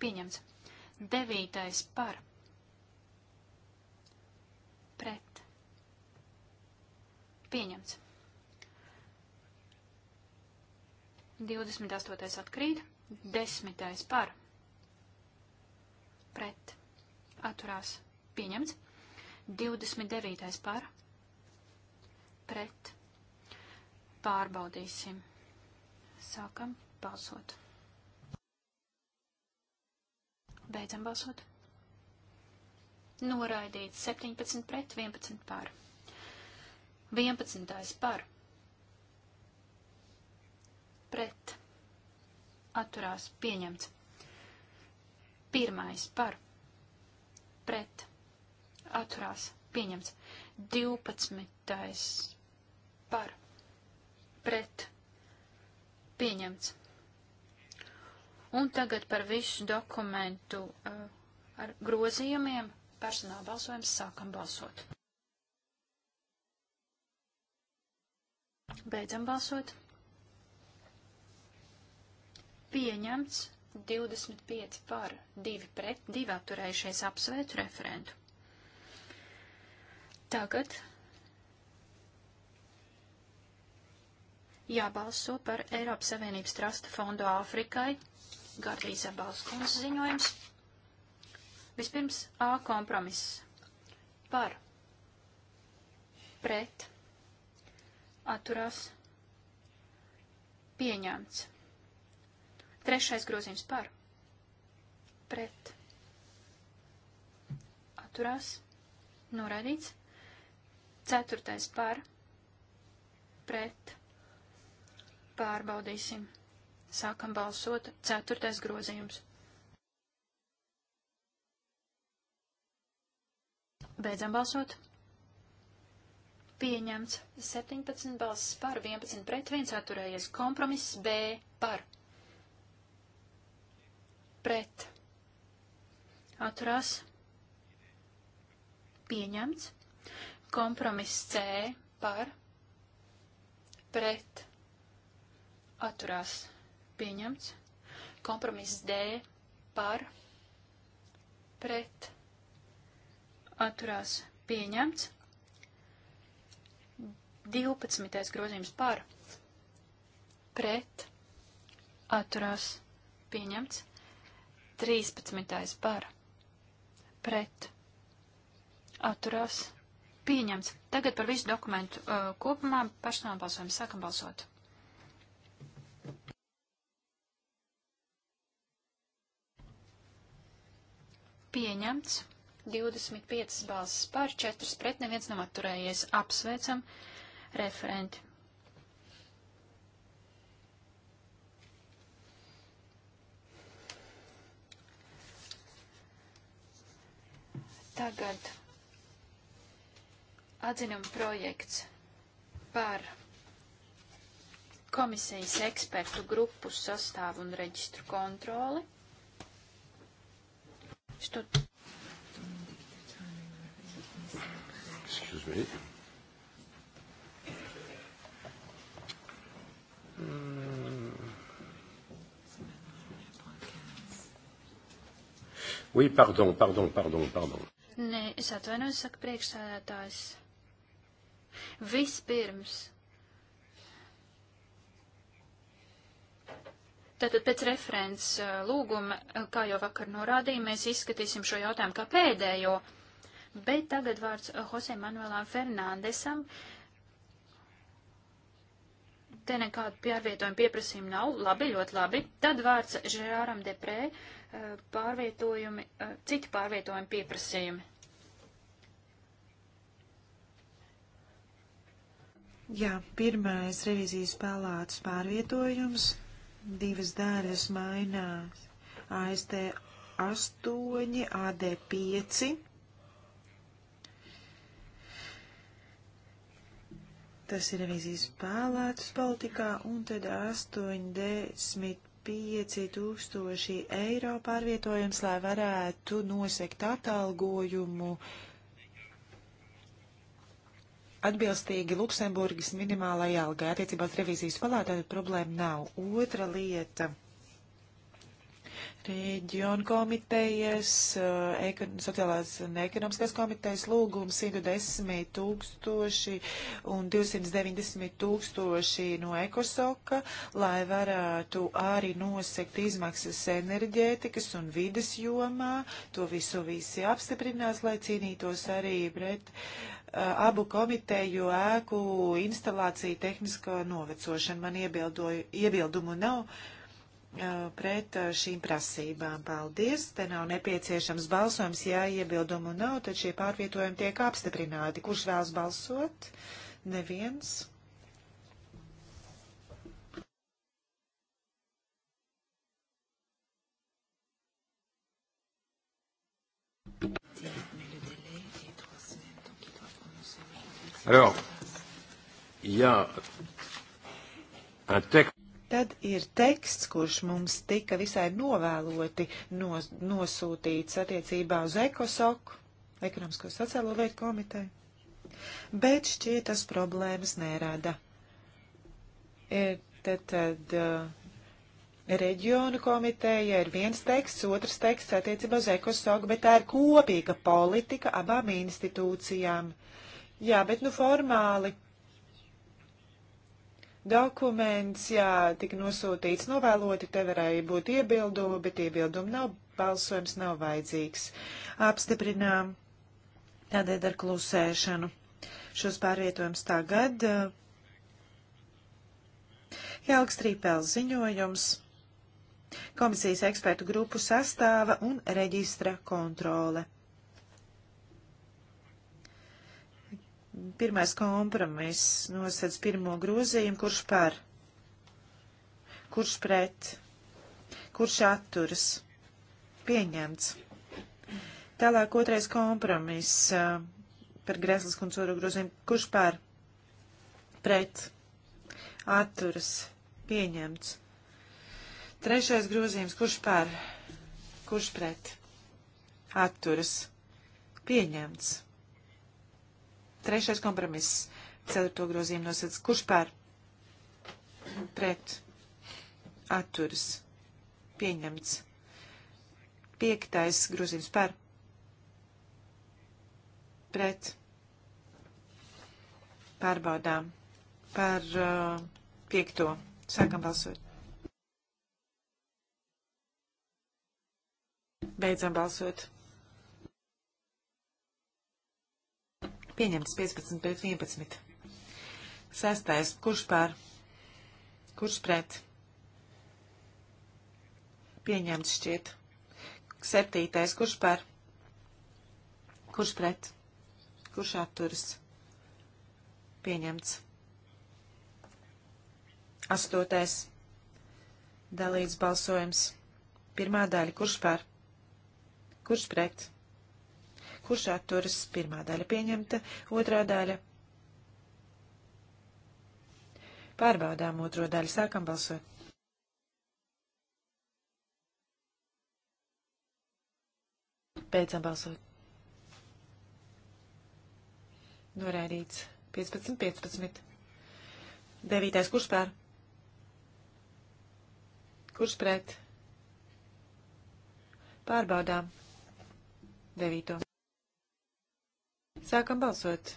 Pieņemts. 9. par. Pret. Pieņemts. 28. atkrīt. 10. par pret, atturās, pieņemts. 29. par, pret, pārbaudīsim. Sākam balsot. Beidzam balsot. Noraidīts 17 pret, 11 par. 11. par. Pret. Atturās pieņemts. Pirmais par pret atturās pieņemts. 12. par pret pieņemts. Un tagad par visu dokumentu uh, ar grozījumiem personāla balsojums sākam balsot. Beidzam balsot. Pieņemts 25 par, 2 pret, 2 atturējušies apsvētu referentu. Tagad jābalso par Eiropas Savienības Trasta fondu Āfrikai. Gardīs atbalstkums ziņojums. Vispirms A kompromiss. Par. Pret. Atturās. Pieņemts. Trešais grozījums par. Pret. Atturās. Noraidīts. Ceturtais par. Pret. Pārbaudīsim. Sākam balsot. Ceturtais grozījums. Beidzam balsot. Pieņemts 17 balsis par, 11 pret, 1 atturējies. Kompromiss B par pret atturās pieņemts. Kompromiss C par pret atturās pieņemts. Kompromiss D par pret atturās pieņemts. 12. grozījums par pret atturās pieņemts. 13. par pret atturās pieņemts. Tagad par visu dokumentu uh, kopumā personāla balsojumu sākam balsot. Pieņemts. 25 balsis par, 4 pret, neviens nav atturējies. Apsveicam referenti. Tagad atzinuma projekts par komisijas ekspertu grupu sastāvu un reģistru kontroli. Što... Excuse me. Mm. Oui, pardon, pardon, pardon, pardon. Nē, es atvainojos, saka priekšsēdētājs. Vispirms. Tātad pēc referents uh, lūguma, uh, kā jau vakar norādīja, mēs izskatīsim šo jautājumu kā pēdējo. Bet tagad vārds uh, Jose Manuelam Fernandesam. Te nekādu pārvietojumu pieprasījumu nav. Labi, ļoti labi. Tad vārds Žerāram Deprē. Uh, Eh, pārvietojumi, eh, citi pārvietojumi pieprasījumi. Jā, pirmais revizijas palātas pārvietojums, divas daļas mainās AST 8, AD 5. Tas ir revizijas palātas politikā, un tad 80 5000 eiro pārvietojums, lai varētu nosekt atalgojumu atbilstīgi Luksemburgas minimālajai algai. Attiecībā uz revīzijas palātā problēma nav. Otra lieta. Reģionu komitejas, eh, sociālās un ekonomiskās komitejas lūgums 110 tūkstoši un 290 tūkstoši no ekosoka, lai varētu arī nosekt izmaksas enerģētikas un vides jomā. To visu visi apstiprinās, lai cīnītos arī pret uh, abu komiteju ēku instalāciju tehnisko novecošanu. Man iebildumu nav Uh, pret uh, šīm prasībām. Paldies, te nav nepieciešams balsojums, ja iebildumu nav, tad šie pārvietojumi tiek apstiprināti. Kurš vēlas balsot? Neviens. Alors, il y a un texte. Tad ir teksts, kurš mums tika visai novēloti nos, nosūtīts attiecībā uz ECOSOC, Ekonomisko sociālo lietu komiteju, bet šķiet tas problēmas nerada. Ir e, tad, tad e, reģionu komiteja ir viens teksts, otrs teksts attiecībā uz ECOSOC, bet tā ir kopīga politika abām institūcijām. Jā, bet nu formāli Dokuments, jā, tika nosūtīts novēloti, te varēja būt iebildumi, bet iebildumi nav, balsojums nav vajadzīgs. Apstiprinām tādēļ ar klusēšanu šos pārvietojumus tagad. Jālgs Trīpēls ziņojums. Komisijas ekspertu grupu sastāva un reģistra kontrole. Pirmais kompromiss nosedz pirmo grozījumu, kurš par, kurš pret, kurš atturas. Pieņemts. Tālāk otrais kompromiss uh, par Grēslas kundzoro grozījumu, kurš par, pret, atturas. Pieņemts. Trešais grozījums, kurš par, kurš pret, atturas. Pieņemts. Trešais kompromiss. Ceturto grozījumu nosacīts. Kurš pār? Pret. Atturas. Pieņemts. Piektais grozījums pār. Pret. Pārbaudām. Par uh, piekto. Sākam balsot. Beidzam balsot. Pieņemts 15 pret 11. Sestais. Kurš pār? Kurš pret? Pieņemts šķiet. Septītais. Kurš pār? Kurš pret? Kurš atturas? Pieņemts. Astotais. Dalīts balsojums. Pirmā daļa. Kurš pār? Kurš pret? kurš atturas pirmā daļa pieņemta, otrā daļa. Pārbaudām otro daļu, sākam balsot. Beidzam balsot. Noraidīts 15, 15. Devītais, kurš pār? Kurš pret? Pārbaudām. Devīto. Sākam balsot.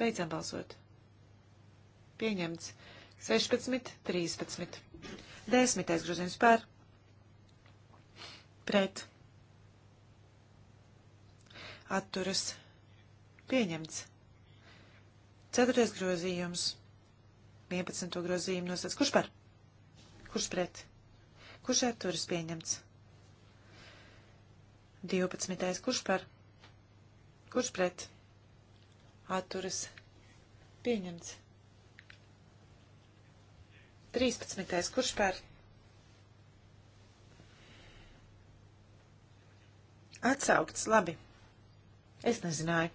Beidzam balsot. Pieņemts. 16, 13. Desmitais grozījums pār. Pret. Atturas. Pieņemts. Ceturtais grozījums. 11. grozījumu nosacīts. Kurš par? Kurš pret? Kurš atturas pieņemts? 12. Kurš par? Kurš pret? Atturas. Pieņemts. 13. Kurš par? Atsaukts. Labi. Es nezināju.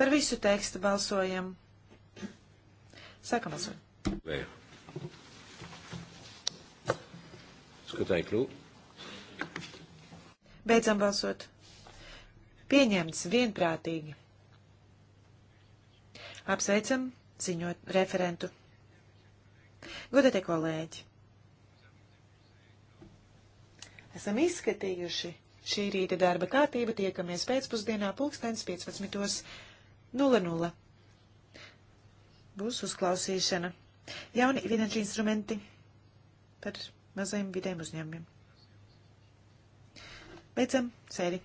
Par visu tekstu balsojam. Sākam balsot. Skatāju klūku. Beidzam balsot. Pieņemts vienprātīgi. Apsveicam ziņot referentu. Godētie kolēģi, esam izskatījuši šī rīta darba kārtību, tiekamies pēcpusdienā pulkstens 15.00. Būs uzklausīšana. Jauni finanšu instrumenti par mazajiem vidiem uzņēmumiem. Beidzam sēdi.